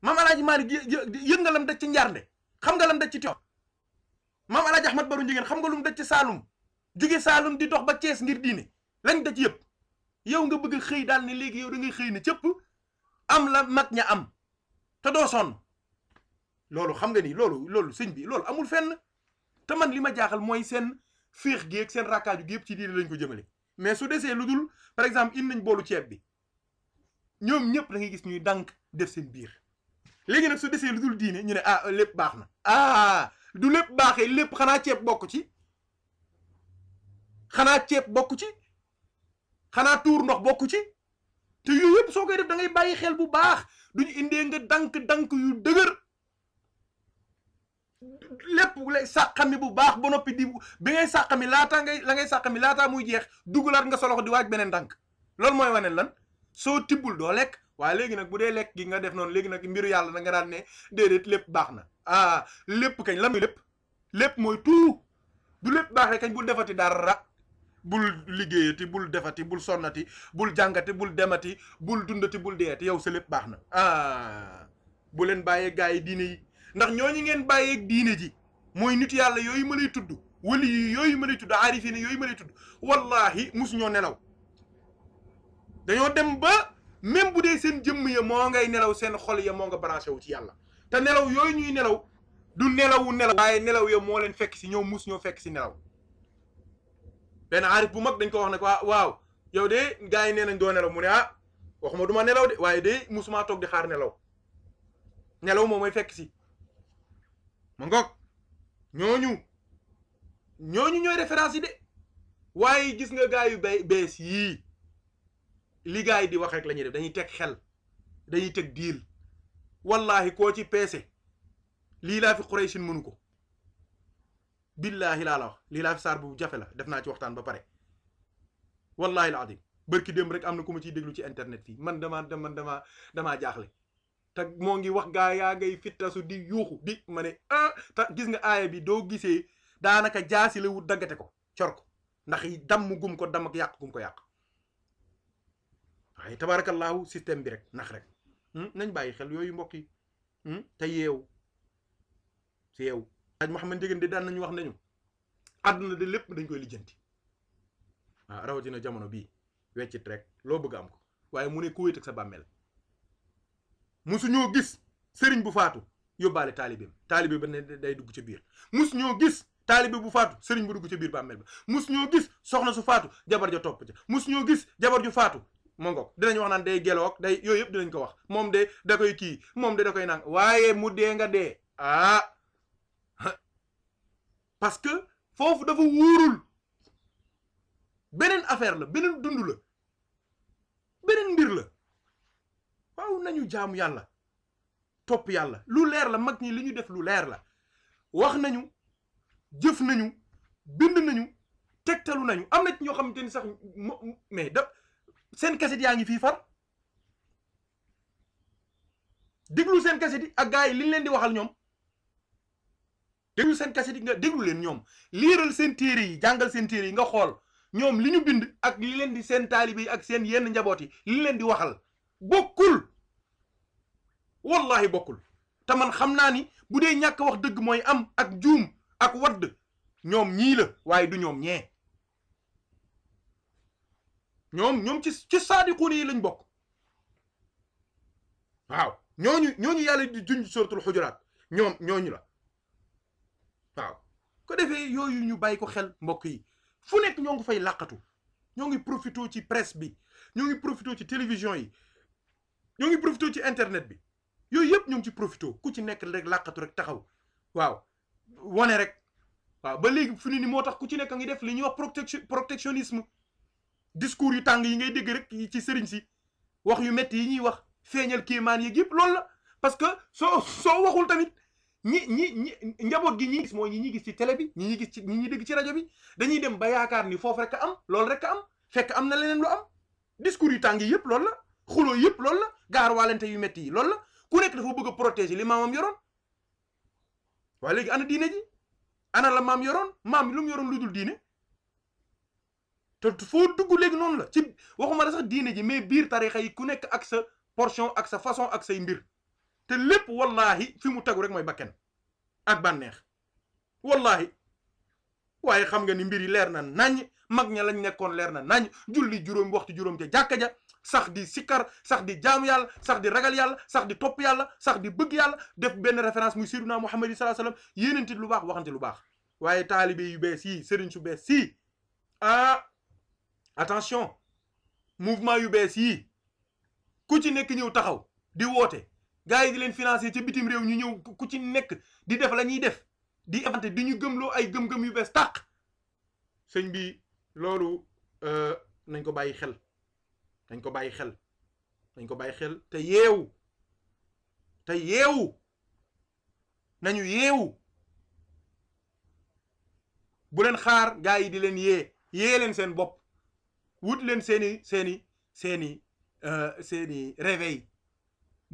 maam alaaji Maalik yëg nga lam daj ci njaarnde xam nga lam daj ci Tiwaawan maam alaaji Ahmad Baro Ndiéguène xam nga lum daj ci Saalum jóge Saalum di dox ba Cees ngir diine lañ daj yëpp yow nga bëgg xëy daal ni léegi yow da ngay xëy ne cëpp am la mag ña am te doo sonn loolu xam nga ni loolu loolu sëñ bi loolu amul fenn te man li ma jaaxal mooy seen féex gi ak seen rakkaaju gi yëpp ci diine lañ ko jëmale mais su desee lu dul par exemple indi nañ boolu ceeb bi ñoom ñëpp da ngay gis ñuy dànk def biir léegi nag su desee lu dul diine ñu ne ah, lépp baax na ah du lépp baaxee lépp xanaa ceeb bokku ci xanaa ceeb bokku ci xanaa tuur ndox bokku ci te yooyu yëpp soo koy def da ngay xel bu baax duñu indee nga dank-dank yu dëgër lépp lay sàqami bu baax ba noppi di bi ngay sàqami laata ngay la ngay sàqami laata muy jeex dugalaat nga solox di waaj beneen ndànk loolu mooy wane lan soo tibul doo lekk waa léegi nag bu dee lekk gi nga def noonu léegi nag mbiru yàlla na nga daan ne déedéet lépp baax na ah lépp kañ lan mooy lépp lépp mooy tout du lépp baax rek kañ bu defati dara bul liggéeyati bul defati bul sonnati bul jàngati bul demati bul dundati bul deeti yow sa lépp baax na ah bu leen bàyyee gaa yi diine yi ndax ñooñu ngeen bàyyee diine ji mooy nit yàlla yooyu ma lay tudd wali yooyu ma lay tudd aarifine yooyu ma lay tudd wallahi musu ñoo nelaw dañoo dem ba même bu dee seen jëm ya moo ngay nelaw seen xol ya moo nga branché wu ci yàlla te nelaw yooyu ñuy nelaw du nelawu nelaw waaye nelaw ya moo leen fekk si ñoo mus ñoo fekk si nelaw benn aarif bu mag dañ ko wax ne ko ah, waaw yow de gars yi nee nañ doo nelaw mu ne ah waxuma duma nelaw de waaye de musuma toog di xaar nelaw nelaw moom mooy fekk si ma ngoog ñooñu ñooñu ñooy référence de waaye gis nga gars yu bay bees yii liigaay gars yi di wax rek la ñuy def dañuy teg xel dañuy teg diil wallahi koo ci peese lii laa fi Qurayshin mënu ko billaahi laa la wax lii laa fi saar bu jafe la def naa ci waxtaan ba pare wallahi la adim bërki démb rek am na ku ma ciy déglu ci internet fii man dama man dama damaa jaaxle te moo ngi wax gaa yaa ngay su di yuuxu di ma ne ah te gis nga aaya bi doo gisee daanaka jaasi la wut daggate ko corko ndax damm gum ko dama yàq gum ko yàq waaye tabaarakallaahu système bi rek nax rek hmm? nañ bàyyi xel yooyu mbokk yi hmm? te yeewu si yeewu aj Mouhamed Ndiéguène de daan nañu wax nañu àdduna de lépp dañ koy lijjanti ah, waaw jamono bii weccit rek loo bëgg am ko waaye mu ne ku wéet sa bàmmeel musuñoo gis sëriñ bu faatu yóbbaale taalibeem taalibe ba ne day dugg ca biir musuñoo gis taalibe bu faatu sëriñ bu dugg ca biir bàmmeel ba musuñoo gis soxna su faatu jabar ja topp ca musuñoo gis jabar ju faatu moo ngoog dinañ wax naan day geloog day yooyu yëpp dinañ ko wax moom de da koy kii moom de da koy nang waaye mu dee nga dee ah parce que foofu dafa wóorul beneen affaire la beneen dund la beneen mbir la waaw nañu jaamu yàlla topp yàlla lu leer la mag ñi li ñu def lu leer la wax nañu jëf nañu bind nañu tegtalu nañu am na ci ñoo xamante ni sax mais da seen kasit yaa ngi fi far déglu seen kasit yi ak gars yi li leen di waxal ñoom déglu seen kasit yi nga déglu leen ñoom liiral seen téere yi jàngal seen téere yi nga xool ñoom li ñu bind ak li leen di seen taalibe yi ak seen yenn njaboot yi li leen di waxal bokkul wallahi bokkul te man xam naa ni bu dee ñàkk wax dëgg mooy am ak juum ak wadd ñoom ñii la waaye du ñoom ñee ñoom ñoom ci saadi saadiquun yi lañ bokk waaw ñooñu ñooñu yàlla di junj suratul xujuraat ñoom ñooñu la waaw ko defee yooyu ñu bàyyi ko xel mbokk yi fu nekk ñoo ngi fay làqatu ñoo ngi profité ci presse bi ñoo ngi profité ci télévision yi ñoo ngi profité ci internet bi yooyu yëpp ñoo ngi ci profité ku ci nekk rek làqatu rek taxaw waaw wane rek waaw ba léegi fu moo tax ku ci nekk a ngi def li ñuy wax protection protectionnisme discours yu tàng yi ngay dégg rek ci sëriñ si wax yu métti yi ñuy wax feeñal kéemaan yeeg yëpp loolu la parce que soo soo waxul tamit ñi ñi ñi njaboot gi ñi mooy ñi ñi gis ci télé bi ñi ñi gis ci ñi ñi dégg ci rajo bi dañuy dem ba yaakaar ni foofu rek am loolu rek a am fekk am na leneen lu am discours yu tàng yi yëpp loolu la xuloo yëpp loolu la gaar waalante yu métti yi loolu la ku nekk dafa bëgg a protéger li maamam yoroon waaye léegi ana diine ji ana la maam yoroon maam lu mu yoroon lu dul diine te foo dugg léegi noonu la ci waxuma la sax diine ji mais biir tarixa yi ku nekk ak sa portion ak sa façon ak say mbir te lépp wallahi fi mu tegu rek mooy bakken ak bànneex wallahi waaye xam nga ni mbir yi leer na naññ mag ña lañ nekkoon leer na naññ julli juróom waxtu juróom ca jàkka ja sax di sikkar sax di jaamu yàlla sax di ragal yàlla sax di topp yàlla sax di bëgg yàlla def benn référence muy sayyiduna Muhammad sallallahu alayhi wasallam yéenante lu baax waxante lu baax waaye taalibe yu bees yii sëriñ su bees sii ah attention mouvement yu bees yii ku ci nekk ñëw taxaw di woote gars yi di leen financer ci bitim réew ñu ñëw ku ci nekk di def la ñuy def di evante di ñu gëm loo ay gëm-gëm yu bees tàq sëñ bi loolu euh, nañ ko bàyyi xel dañ ko bàyyi xel dañ ko bàyyi xel te yeewu te yeewu nañu yeewu bu leen xaar gars yi di leen yee yee leen seen bopp wut leen seeni seeni seen i euh, seen i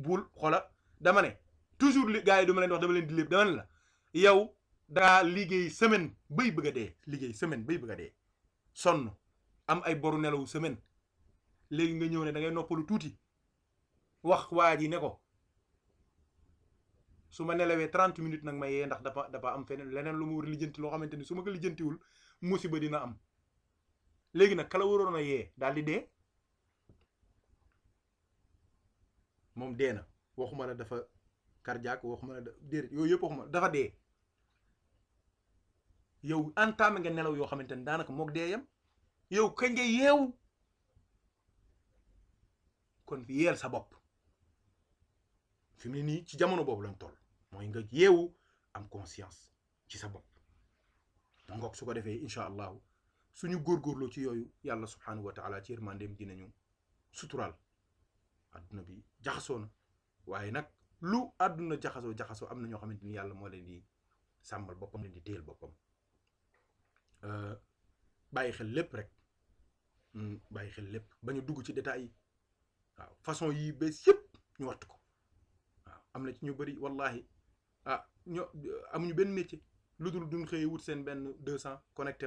bul xoola dama ne toujours li yi du ma leen dama leen di lépp dama ne la yow daa liggéey semaine bay bëgg dee liggéey semaine bay bëgg a dee am ay boru nelaw semaine léegi nga ñëw ne da ngay noppalu tuuti wax waa ji ne ko su ma nelawee trente minutes nag ma yee ndax dafa dafa am feneen leneen lu ma war a lijjanti loo xamante ni su ma ko lijjantiwul musiba dina am léegi nag kala waroon a yee daal di dee moom dee na waxuma la dafa karjaak waxuma la déedéet yëpp waxuma dafa dee yow entamé nga nelaw yoo xamante ne daanaka moog dee yam yow kañ nga yeewu kon fi yeel sa bopp fi mu nii ci jamono boobu lañ toll mooy nga yeewu am conscience ci sa bopp. donc su ko defee incha allahu suñu góorgóorloo ci yooyu yàlla subhaanahu wa taala ci yërmandeem dinañu suturaal àdduna bi jaxasoo na waaye nag lu àdduna jaxasoo jaxasoo am na ñoo xamante ni yàlla moo leen di sàmmal boppam leen di téyel boppam euh, bàyyi xel lépp rek hmm, bàyyi xel lépp bañu dugg ci détails yi waaw façon yi bees yëpp ñu wattu ko waaw am na ci ñu bëri wallahi ah ñoo amuñu benn métier lu dul duñ xëy wut seen benn deux cent connecté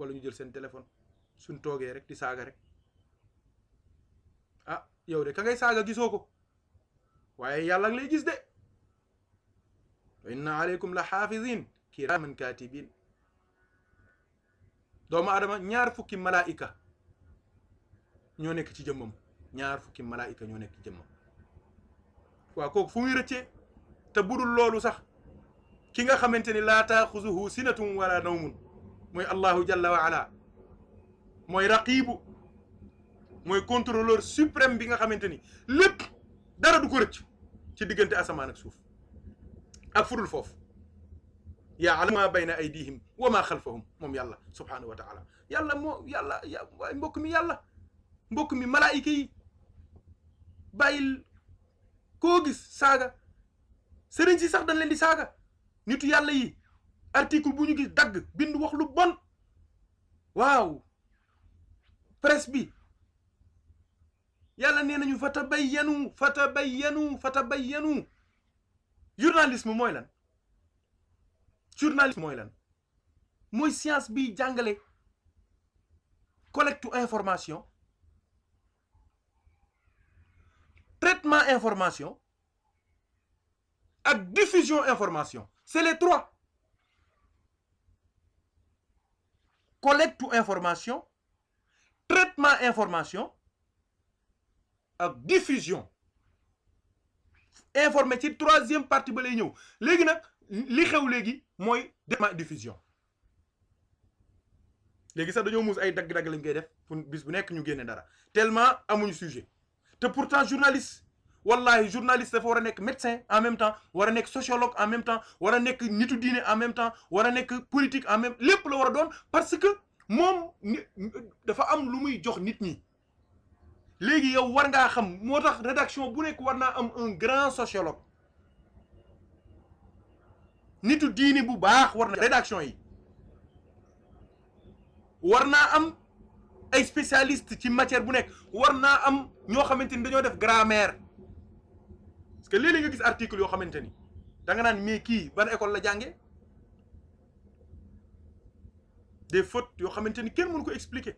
wala ñu jël seen téléphone suñ toogee rek di saaga rek ah yow de ka ngay saaga gisoo ko waaye yàlla ngi lay gis de wa inna aleykum la xaafizin kiraaman kaatibin doomu adama ñaar fukki malaika ñoo nekk ci jëmmam ñaar fukki malaika ñoo nekk ci jëmmam waaw kooku fu muy rëccee loolu sax ki nga xamante ni laa taaxuzuhu sinatun wala nawmun mooy allahu jalla wa ala mooy raqibu mooy contrôleur suprême bi nga xamante ni lépp dara du ko ci diggante asamaan ak suuf ak fudul foofu yaalamu ma bayna aydihim wa ma xalfahum moom yàlla subhaanahu wa taala yàlla moo yàlla waay mbokk mi yàlla mbokk mi malaayika yi bàyyil koo gis saaga sëriñ si sax dañ leen di saaga nitu yàlla yi article bu ñu gis dagg bindu wax lu bon waaw presse bi yàlla nee nañu fatabayyanu bay yenu journalisme mooy lan journalisme mooy lan mooy science bi jàngale collecte information traitement information ak diffusion information c'est les trois collecte information traitement information ak diffusion informé ci troisième partie ba lay ñëw léegi nag li xew léegi mooy dema diffusion léegi sax dañoo muus ay dagg-dagg lañ koy def pour bis bu nekk ñu génne dara tellement amuñu sujet te pourtant journaliste wallahi journaliste dafa war a nekk médecin en même temps war a nekk sociologue en même temps war a nekk nitu diine en même temps war a nekk politique en même lépp la war a doon parce que moom dafa am lu muy jox nit ñi léegi yow war ngaa xam moo tax rédaction bu nekk war naa am un grand sociologue nitu diine bu baax war na rédaction yi war naa am ay ci matière bu nekk war naa am ñoo xamante ni dañoo def grammaire que léeg-léeg nga gis article yoo xamante ni danga naan mii kii ban école la jànge des fautes yoo xamante ni kenn mënu ko expliquer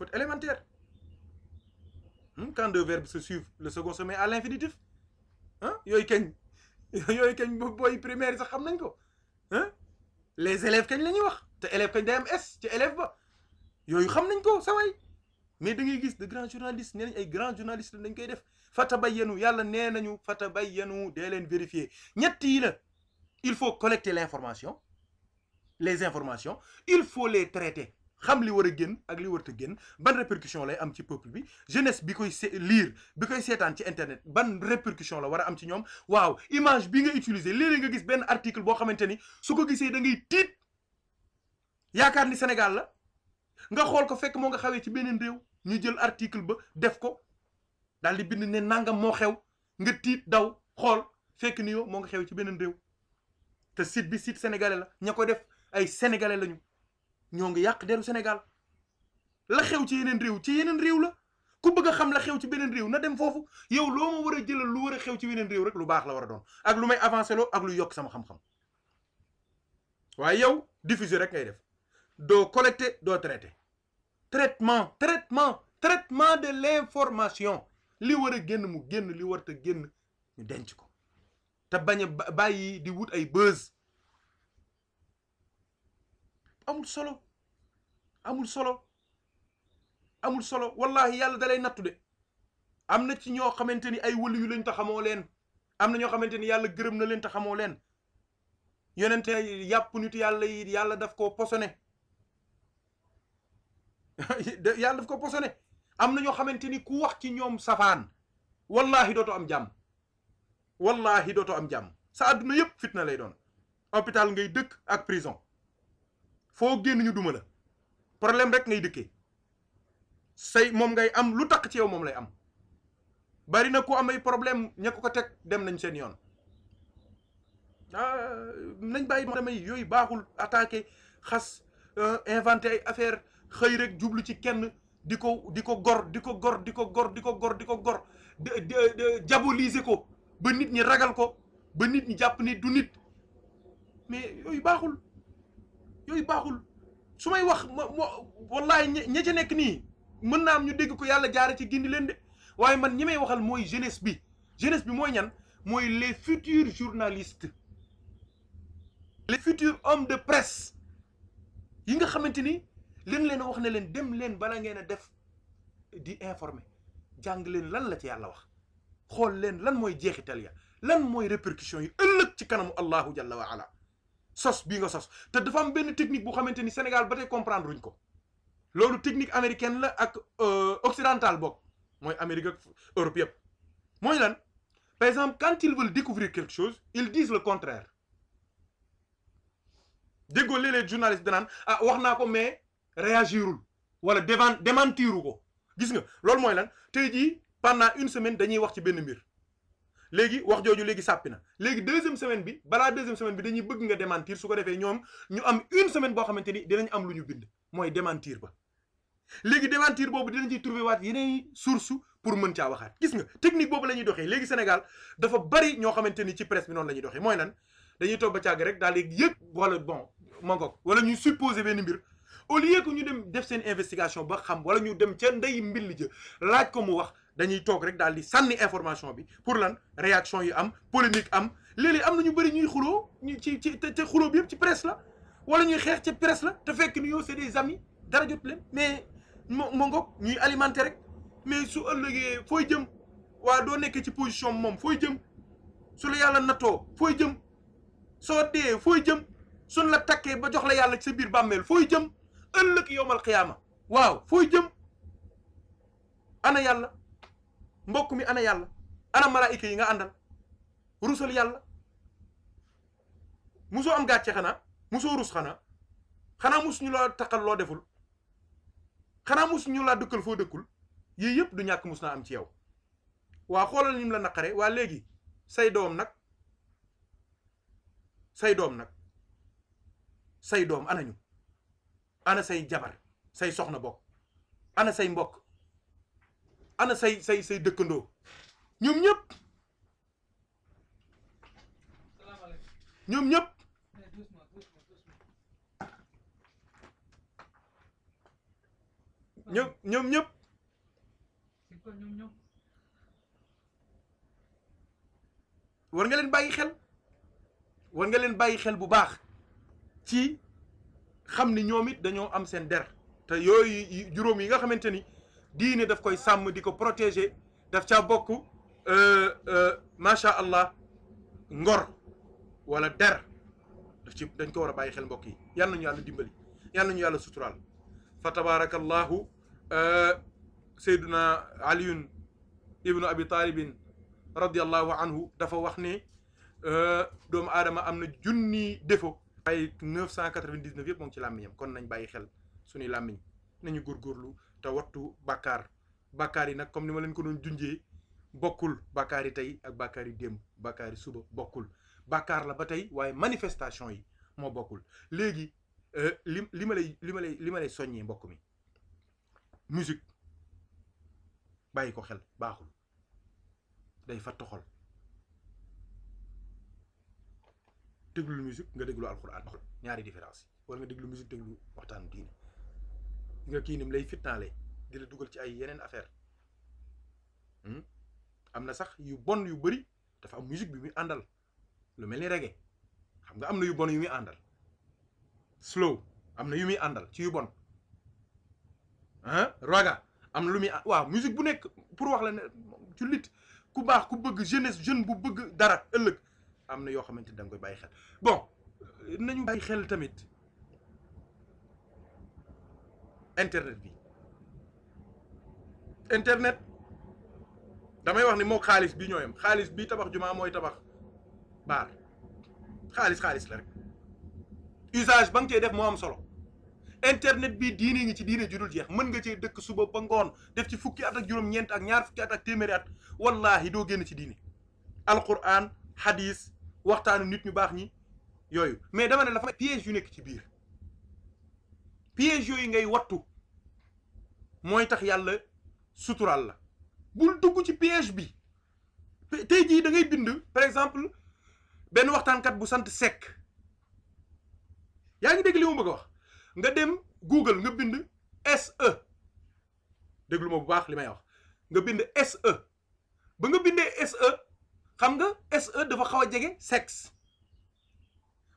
faute élémentaire hmm? quand deux verbes se suivent le second se met à l'infinitif ah yooyu kañ yooyu kañ booy primaire yi sax xam nañ ko les élèves kañ lañuy wax te élève kañ day am s ci élève ba yooyu xam nañ ko saway mais da ngay gis de grands journalistes nee nañ ay grands journalistes la dañ koy def fatabayyanu yàlla nee nañu fatabayyanu dee leen vérifier ñett yi la il faut collecter l'information les informations il faut les traiter xam li war a génn ak li war a génn ban répercussion lay am ci peuple bi jeunesse bi koy se lire koy seetaan ci internet ban répercussion la war a am ci ñoom waaw image bi nga utiliser léeg nga gis benn article boo xamante ni su ko gisee da ngay tiit yaakaar ni Sénégal nga xool ko fekk moo nga xawee ci beneen réew ñu jël article ba def ko daal di bind nangam moo xew nga tiit daw xool fekk ni yow moo nga xew ci beneen réew te site bi site sénégalais la ña ko def ay sénégalais lañu ñoo ngi yàq deru Sénégal la xew ci yeneen réew ci yeneen réew la ku bëgg a xam la xew ci beneen réew na dem foofu yow loo ma war a jëlal lu war a xew ci beneen réew rek lu baax la war a doon ak lu may avancé loo ak lu yokk sama xam-xam waaye yow diffuser rek ngay def. doo collecter doo traiter traitement traitement traitement de l'information li war a génn mu génn li war a génn ñu denc ko te bañ a bàyyi di wut ay buzz amul solo amul solo amul solo wallahi yàlla da lay nattu de am na ci ñoo xamante ni ay wëlu yu lañ ta xamoo leen am na ñoo xamante ni yàlla gërëm na leen ta xamoo leen yonente yàpp nitu yàlla yi yàlla daf koo posone yàlla daf ko posone am na ñoo xamante ni ku wax ci ñoom safaan wallahi dooto am jàmm wallahi dooto am jàmm sa àdduna yëpp fitna lay doon hôpital ngay dëkk ak prison foo génn ñu duma la problème rek ngay dëkke say moom ngay am lu takk ci yow moom lay am bari na ku am ay problème ñekk ko ko teg dem nañ seen yoon ah nañ bàyyi damay yooyu baaxul attaque xas euh, inventé affaire xëy rek jublu ci kenn di ko di ko gor di ko gor di ko gor di ko gor di ko gor diaboliser ko ba nit ñi ragal ko ba nit ñi jàpp ni du nit mais yooyu baaxul yooyu baaxul su may wax ma ma wallaay ña ca nekk nii mën naa am ñu dégg ko yàlla jaare ci gindi leen de waaye man ñi may waxal mooy jeunesse bi jeunesse bi mooy ñan mooy les futurs journalistes les futurs hommes de presse yi nga xamante ni leen leen wax ne leen dem leen bala ngeen a def di informer jàng leen lan la ci yàlla wax xool leen lan mooy jeexital ya lan mooy répercussions yi ëllëg ci kanamu allahu jalla wa ala sos bii nga sos te dafa am benn technique bu xamante ni Sénégal ba tey comprendre ruñ ko loolu technique américaine la ak euh, occidentale boog mooy Amérique Europe yëpp mooy lan par exemple quand ils veulent découvrir quelque chose ils disent le contraire déggoo léeg-léeg journaliste danaan ah wax naa ko mais réagirul wala dévan démentiru ko gis nga loolu mooy lan tey jii pendant une semaine dañuy wax ci benn mbir léegi wax jooju léegi sàppi na léegi deuxième semaine bi balaa deuxième semaine bi dañuy bëgg nga démentir su ko defee ñoom ñu semaine boo xamante ni dinañ am lu ñu bind mooy démentir ba léegi démentir boobu dinañ ciy trouver waat yeneen source pour mën caa waxaat gis nga technique boobu la ñuy doxee léegi Sénégal dafa bari ñoo xamante ni ci presse bi noonu la ñuy doxee mooy lan dañuy toog ba càgg rek daal di yëg wala bon mangoog wala ñu supposer benn mbir au lieu que ñu dem def seen investigation ba xam wala ñu dem ca ndey mbill jë laaj ko mu wax dañuy toog rek daal di sànni information bi pour lan réaction yi am polémique am léeg am na ñu bëri ñuy xuloo ñu ci ci te xuloo bi yëpp ci presse la wala ñuy xeex ci presse la te fekk ni yow c'est des amis dara jot leen mais mo mo ñuy alimenter rek mais su ëllëgee fooy jëm waa doo nekkee ci position moom fooy jëm su la yàlla nattoo fooy jëm soo dee fooy jëm suñ la takkee ba jox la yàlla ci sa biir bàmmeel fooy jëm ëllëg yowmal xiyaama waaw foo jëm ana yàlla mbokk mi ana yàlla ana malaayika yi nga àndal rusal yàlla musoo am gàcce xanaa musoo rus xanaa xanaa mus ñu laa taqal loo deful xanaa mus ñu laa dëkkal foo dëkkul yii yëpp du ñàkk mus naa am ci yow waa xoolal nim la naqare waa léegi say doom nag say doom nag say doom anañu ana say jabar say soxna bokk ana say mbokk ana say say say dëkkandoo ñoom ñëpp ñoom ñëpp ñoom ñoom war nga leen bàyyi xel war nga leen bàyyi xel bu baax ci xam ni ñoom it dañoo am seen der te yooyu juróom yi nga xamante ni diine daf koy sàmm di ko protéger daf caa bokk euh, euh, macha allah ngor wala der daf ci dañ ko war a bàyyi xel mbokk yi yal nañu yàlla dimbali yal nañu yàlla suturaal fa tabaarakallahu euh, sayduna aliyun ibnu abi talibin radiallahu anhu dafa wax ne doomu aadama am na junni défaut ay 999 yëpp moom ci làmmiñam kon nañ bàyyi xel suñuy làmmiñ nañu góorgóorlu te wattu bàkkaar bàkkaar yi nag comme ni ma leen ko doon junjee bokkul bàkkaar yi tey ak bàkkaar yi démb bàkkaar yi suba bokkul bàkkaar la ba tey waaye manifestation yi moo bokkul léegi euh, li li ma lay li ma lay li ma lay soññee mbokk mi musique bàyyi ko xel baaxul day fatt xol déglu musique nga déglu alxuraan ñaari différence yi wala nga déglu musique déglu waxtaanu diine nga kii nim lay fitnaale di la dugal ci ay yeneen affaires hmm? am na sax yu bon yu bari dafa am musique bi muy àndal lu mel ni reggae xam nga am na yu bon yu muy àndal slow am na yu muy àndal ci yu bon ah raga am na lu muy waaw musique bu nekk pour wax la ne jullit ku baax ku bëgg jeunesse jeune bu bëgg dara ëllëg am na yoo xamante ni da koy bàyyi xel bon nañu bàyyi xel tamit internet bi internet damay wax ni moo xaalis bi ñooyam xaalis bi tabax jumaa mooy tabax baar xaalis xaalis la rek usage ba nga cee def moo am solo internet bi diine ngi ci diine ju dul jeex mën nga cee dëkk suba ba ngoon def ci fukki at ak juróom-ñeent ak ñaar fukki at ak téeméeri at wallaahi doo génn ci diine alquran hadis waxtaanu nit ñu baax ñi yooyu mais dama ne dafa may piège yu nekk ci biir piège yooyu ngay wattu mooy tax yàlla suturaal la bul dugg ci piège bi tey jii da ngay bind par exemple benn waxtaankat bu sant Seck yaa ngi dégg li ma wax nga dem Google nga bind SE déglu ma bu baax li may wax nga bind SE ba nga bindee SE xam nga SE dafa xaw a jege sexe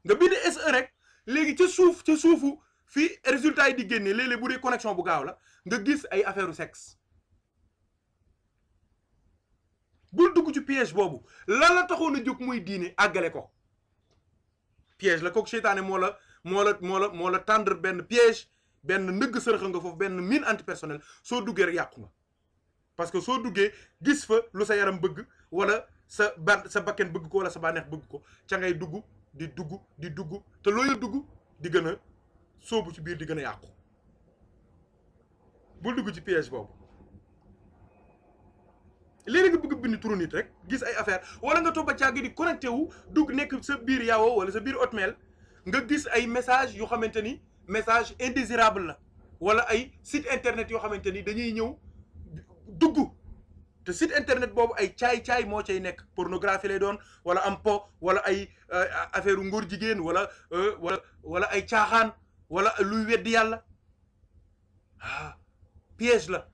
nga bind SE rek léegi ca suuf ca suufu fii résultat yi di génne léeg bu dee connexion bu gaaw la nga gis ay affaire sexe bul dugg ci piège boobu lan la taxoon a jóg muy diine àggale ko piège la kooku seytaane moo la moo la moo la tendre benn piège benn ndëgg sërëx nga foofu benn mine antipersonnel soo duggee rek yàqu nga parce que soo duggee gis fa lu sa yaram bëgg wala sa ba sa bakken bëgg ko wala sa bànneex bëgg ko ca ngay dugg di dugg di dugg te looyu dugg di gën a sóobu ci biir di gën a yàqu bul dugg ci piège boobu léegi nga bëgg bind turu rek gis ay affaire wala nga toog a càgg di connecté wu dugg nekk sa biir Yahoo wala sa biir Hotmail nga gis ay message yoo xamante ni message indésirable la wala ay site internet yoo xamante ni dañuy ñëw dugg te sit internet boobu ay caay-caay moo cay nekk pornographie lay doon wala am po wala ay euh, affaire ngóor jigéen wala euh, wala wala ay caaxaan wala luy weddi yàlla ah piège la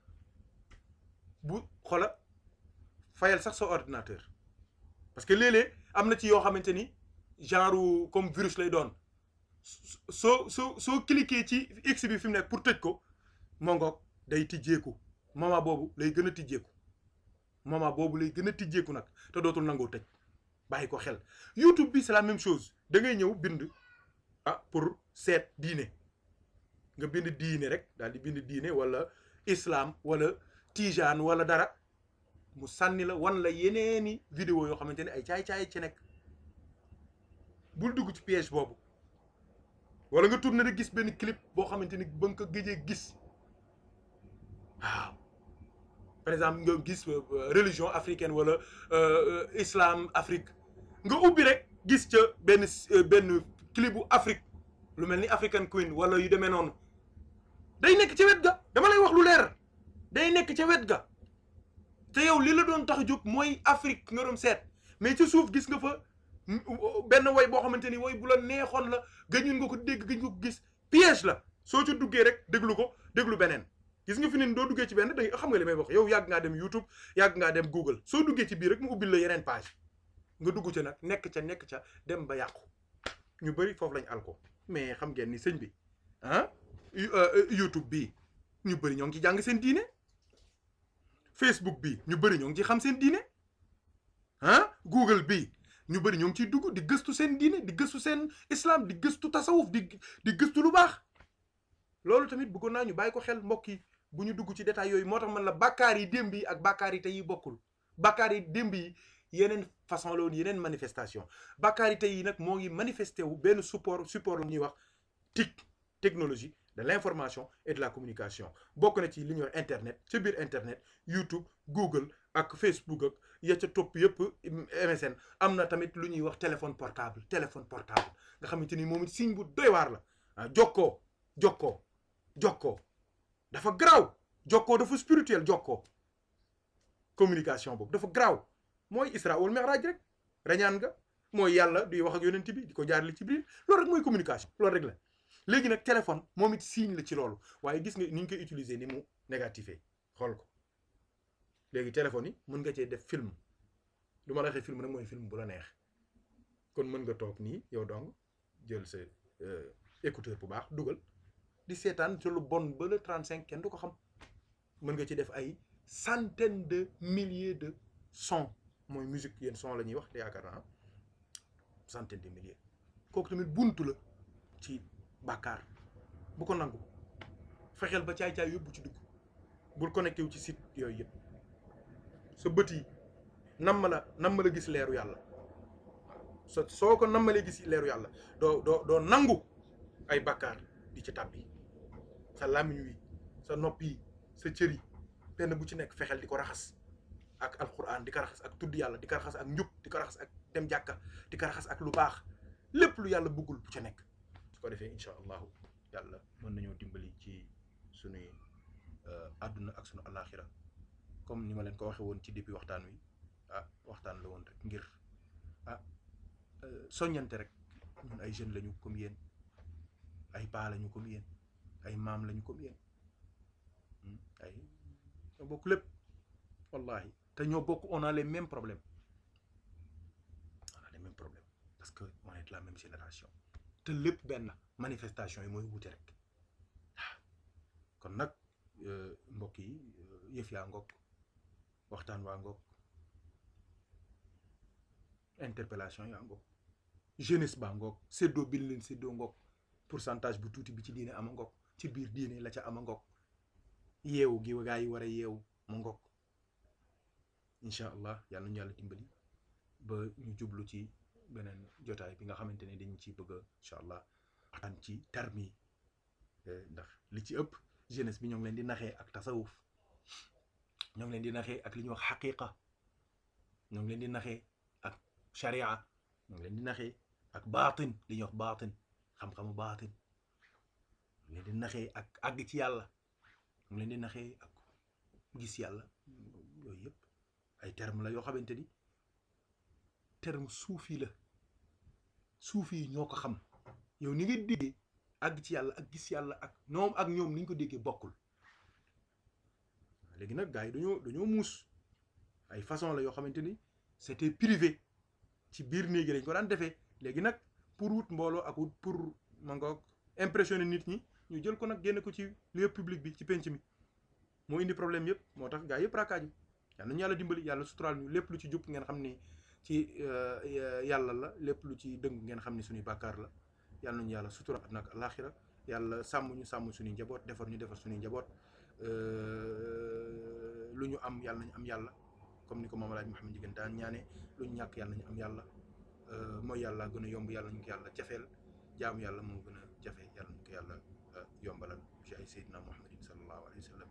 bu xola fayal sax sa ordinateur parce que léeg-léeg am na ci yoo xamante ni genre comme virus lay doon soo soo soo cliquer ci x bi fi mu nekk pour tëj ko moo day tijjeeku moment boobu lay gën a tijjeeku moment boobu lay gën a tijjeeku nag te dootul nangoo tëj bàyyi ko xel YouTube bi c'est la même chose da ngay ñëw bind ah pour seet diine nga bind diine rek daal di bind diine wala islaam wala tijaan wala dara mu sànni la wan la yeneeni vidéo yoo xamante ne ay caay-caay ci nekk bul dugg ci piège boobu wala nga tourné rek gis benn clip boo xamante ni ba nga ko géjee gis par exemple nga gis euh, religion africaine wala euh, euh, islam Afrique nga ubbi rek gis ca benn benn bu Afrique lu mel ni African Queen wala yu demee noonu day nekk ca wet ga dama lay wax lu leer day nekk ca wet ga te yow li la doon tax jóg mooy Afrique nga doon seet mais ci suuf gis nga fa benn woy boo xamante ni woy bu la neexoon la gëjoon nga ko dégg gëj nga ko gis piège la soo ca duggee rek déglu ko déglu beneen. gis nga fi ne doo duggee ci benn day xam nga li may wax yow yàgg ngaa dem YouTube yàgg ngaa dem Google soo duggee ci biir rek mu ubbil la yeneen page nga dugg ca nag nekk ca nekk ca dem ba yàqu ñu bëri foofu lañ al mais xam ngeen ni sëñ bi ah euh, euh, bi ñu bëri ñoo ngi ci jàng seen diine Facebook bi ñu bëri ñoo ngi ci xam seen diine ah Google bi ñu bëri ñoo ngi ciy dugg di gëstu seen diine di gëstu seen islam di gëstu tasawuf di di gëstu lu baax loolu tamit bëggoon naa ñu bàyyi ko xel mbokk yi bu ñu dugg ci détail yooyu moo tax man la bàkkaar yi démb yi ak bàkkaar yi tey yi bokkul bàkkaar yi démb yi yeneen façon la woon yeneen manifestation bàkkaar yi tey yi nag moo ngi manifesté wu benn support support la ñuy wax TIC technologie de l'information et de la communication bokk na ci li ñuy wax internet ci biir internet YouTube Google ak Facebook ak ya ca topp yëpp MSN am na tamit lu ñuy wax téléphone portable téléphone portable nga xamante ni moom it signe bu doy waar la ah jokkoo jokkoo dafa garaaw jokkoo dafa spirituel jokkoo communication boobu dafa garaaw mooy isra wal mi'raj rek rañaan nga mooy yàlla duy wax ak yonent bi di ko jaarale ci biir loolu rek mooy communication loolu rek la léegi nag téléphone moom it signe la ci loolu waaye gis nga ni ñu koy utiliser ni xool ko léegi téléphone yi mën nga cee def film lu ma la waxee film ne mooy film bu la neex kon mën nga toog nii yow dong jël sa euh, écouteur bu baax dugal di seetaan ci lu bon ba le 35 kenn du ko xam mën nga ci def ay centaines de milliers de sons mooy musique yéen son la ñuy wax te yaakaar naa centaines de milliers kooku tamit buntu la ci bàkkaar bu ko nangu fexeel ba caay-caay yóbbu ci dugg bul connecté wu ci sit yooyu yëpp sa bët yi namm la namm la gis leeru yàlla so soo ko nammalee gis leeru yàlla doo doo doo nangu ay bàkkaar di ci tàbbi sa làmmiñ wi sa nopp yi sa cër yi benn bu ci nekk fexeel di ko raxas ak alquran di ko raxas ak tudd yàlla di ko raxas ak njub di ko raxas ak dem jàkka di ko raxas ak lu baax lépp lu yàlla buggul bu ca nekk su ko defee incha allahu yàlla mën nañoo dimbali ci sunuy euh, àdduna ak sunu alaxira comme ni ma leen ko waxee woon ci début waxtaan wi ah waxtaan la woon rek ngir ah euh, soññante rek ñun ay jeune lañu comme yéen ay paa lañu comme yéen ay maam lañu comme yéen hmm? ay ñoo bokk lépp wallahi te ñoo bokk on a les mêmes problèmes on parce que on est la même génération te lépp benn manifestation yi mooy wute rek ah. kon nag euh, mbokk yi euh, yëf yaa ngoog waxtaan waa ngoog interpellation yaa ngoog jeunesse baa ngoog séddoo bi leen séddoo ngoog pourcentage bu tuuti bi ci diine ama ngoog ci biir diine la ca am a ngokk yeewu gi gaa yi war a yeewu ma ngokk incha allah yal nañu yàlla dimbali ba ñu jublu ci beneen jotaay bi nga xamante ne dañ ci bëgg a incha allah waxtaan ci terme yi eh, ndax li ci ëpp genes bi ñoo ngi leen di naxee ak tasawuf ñoo ngi leen di naxee ak li ñuy wax xaqiqa ñoo ngi leen di naxee ak sharia ñoo ngi leen di naxee ak baatin li ñuy wax baatin xam-xamu baatin mu leen di naxee ak àgg yàlla mu leen ak gis yàlla yooyu yëpp ay terme la yoo xamante ni terme suufi la suufi yi ñoo ko xam yow ni nga déggee àgg ak gis yàlla ak noom ak ñoom ni ñu ko diggee bokkul léegi nag gars yi dañoo dañoo muus ay façon la yoo xamante ni c'était privé ci biir néegi dañ ko daan defee léegi nag pour wut mbooloo ak wut pour ma ngoog impressionner nit ñi ñu jël ko nag génne ko ci lieu public bi ci penc mi moo indi problème yëpp moo tax gaa yëpp raakaaju yàlla nañu dimbali yàlla suturaal ñu lépp lu ci jub ngeen xam ni ci euh, yàlla la lépp lu ci dëng ngeen xam ni suñuy bàkkaar la yàlla nañu yàlla suturaal nag alaaxira yàlla sàmm ñu sàmm suñuy njaboot defar ñu defar suñuy njaboot euh, lu ñu am yàlla ñu am yàlla comme ni ko moom laaj xam Ndieguène daan ñaane lu ñu ñàkk yàlla nañu am yàlla euh, mooy yàlla gën a yomb yàlla ñu ko yàlla jafeel jaamu yàlla moo gën a jafe yàlla ñu yàlla yombalal ci ay sayyidina muhammadin sallallahu alayhi wa sallam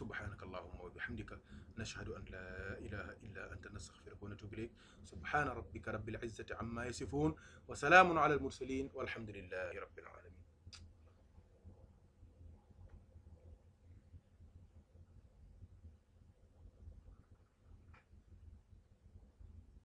subhanaka allahumma wa bihamdika nashhadu an la ilaha illa anta nastaghfiruka wa natubu ilayk subhana rabbika rabbil izzati amma yasifun wa salaamun ala al mursalin walhamdulillahi rabbil alamin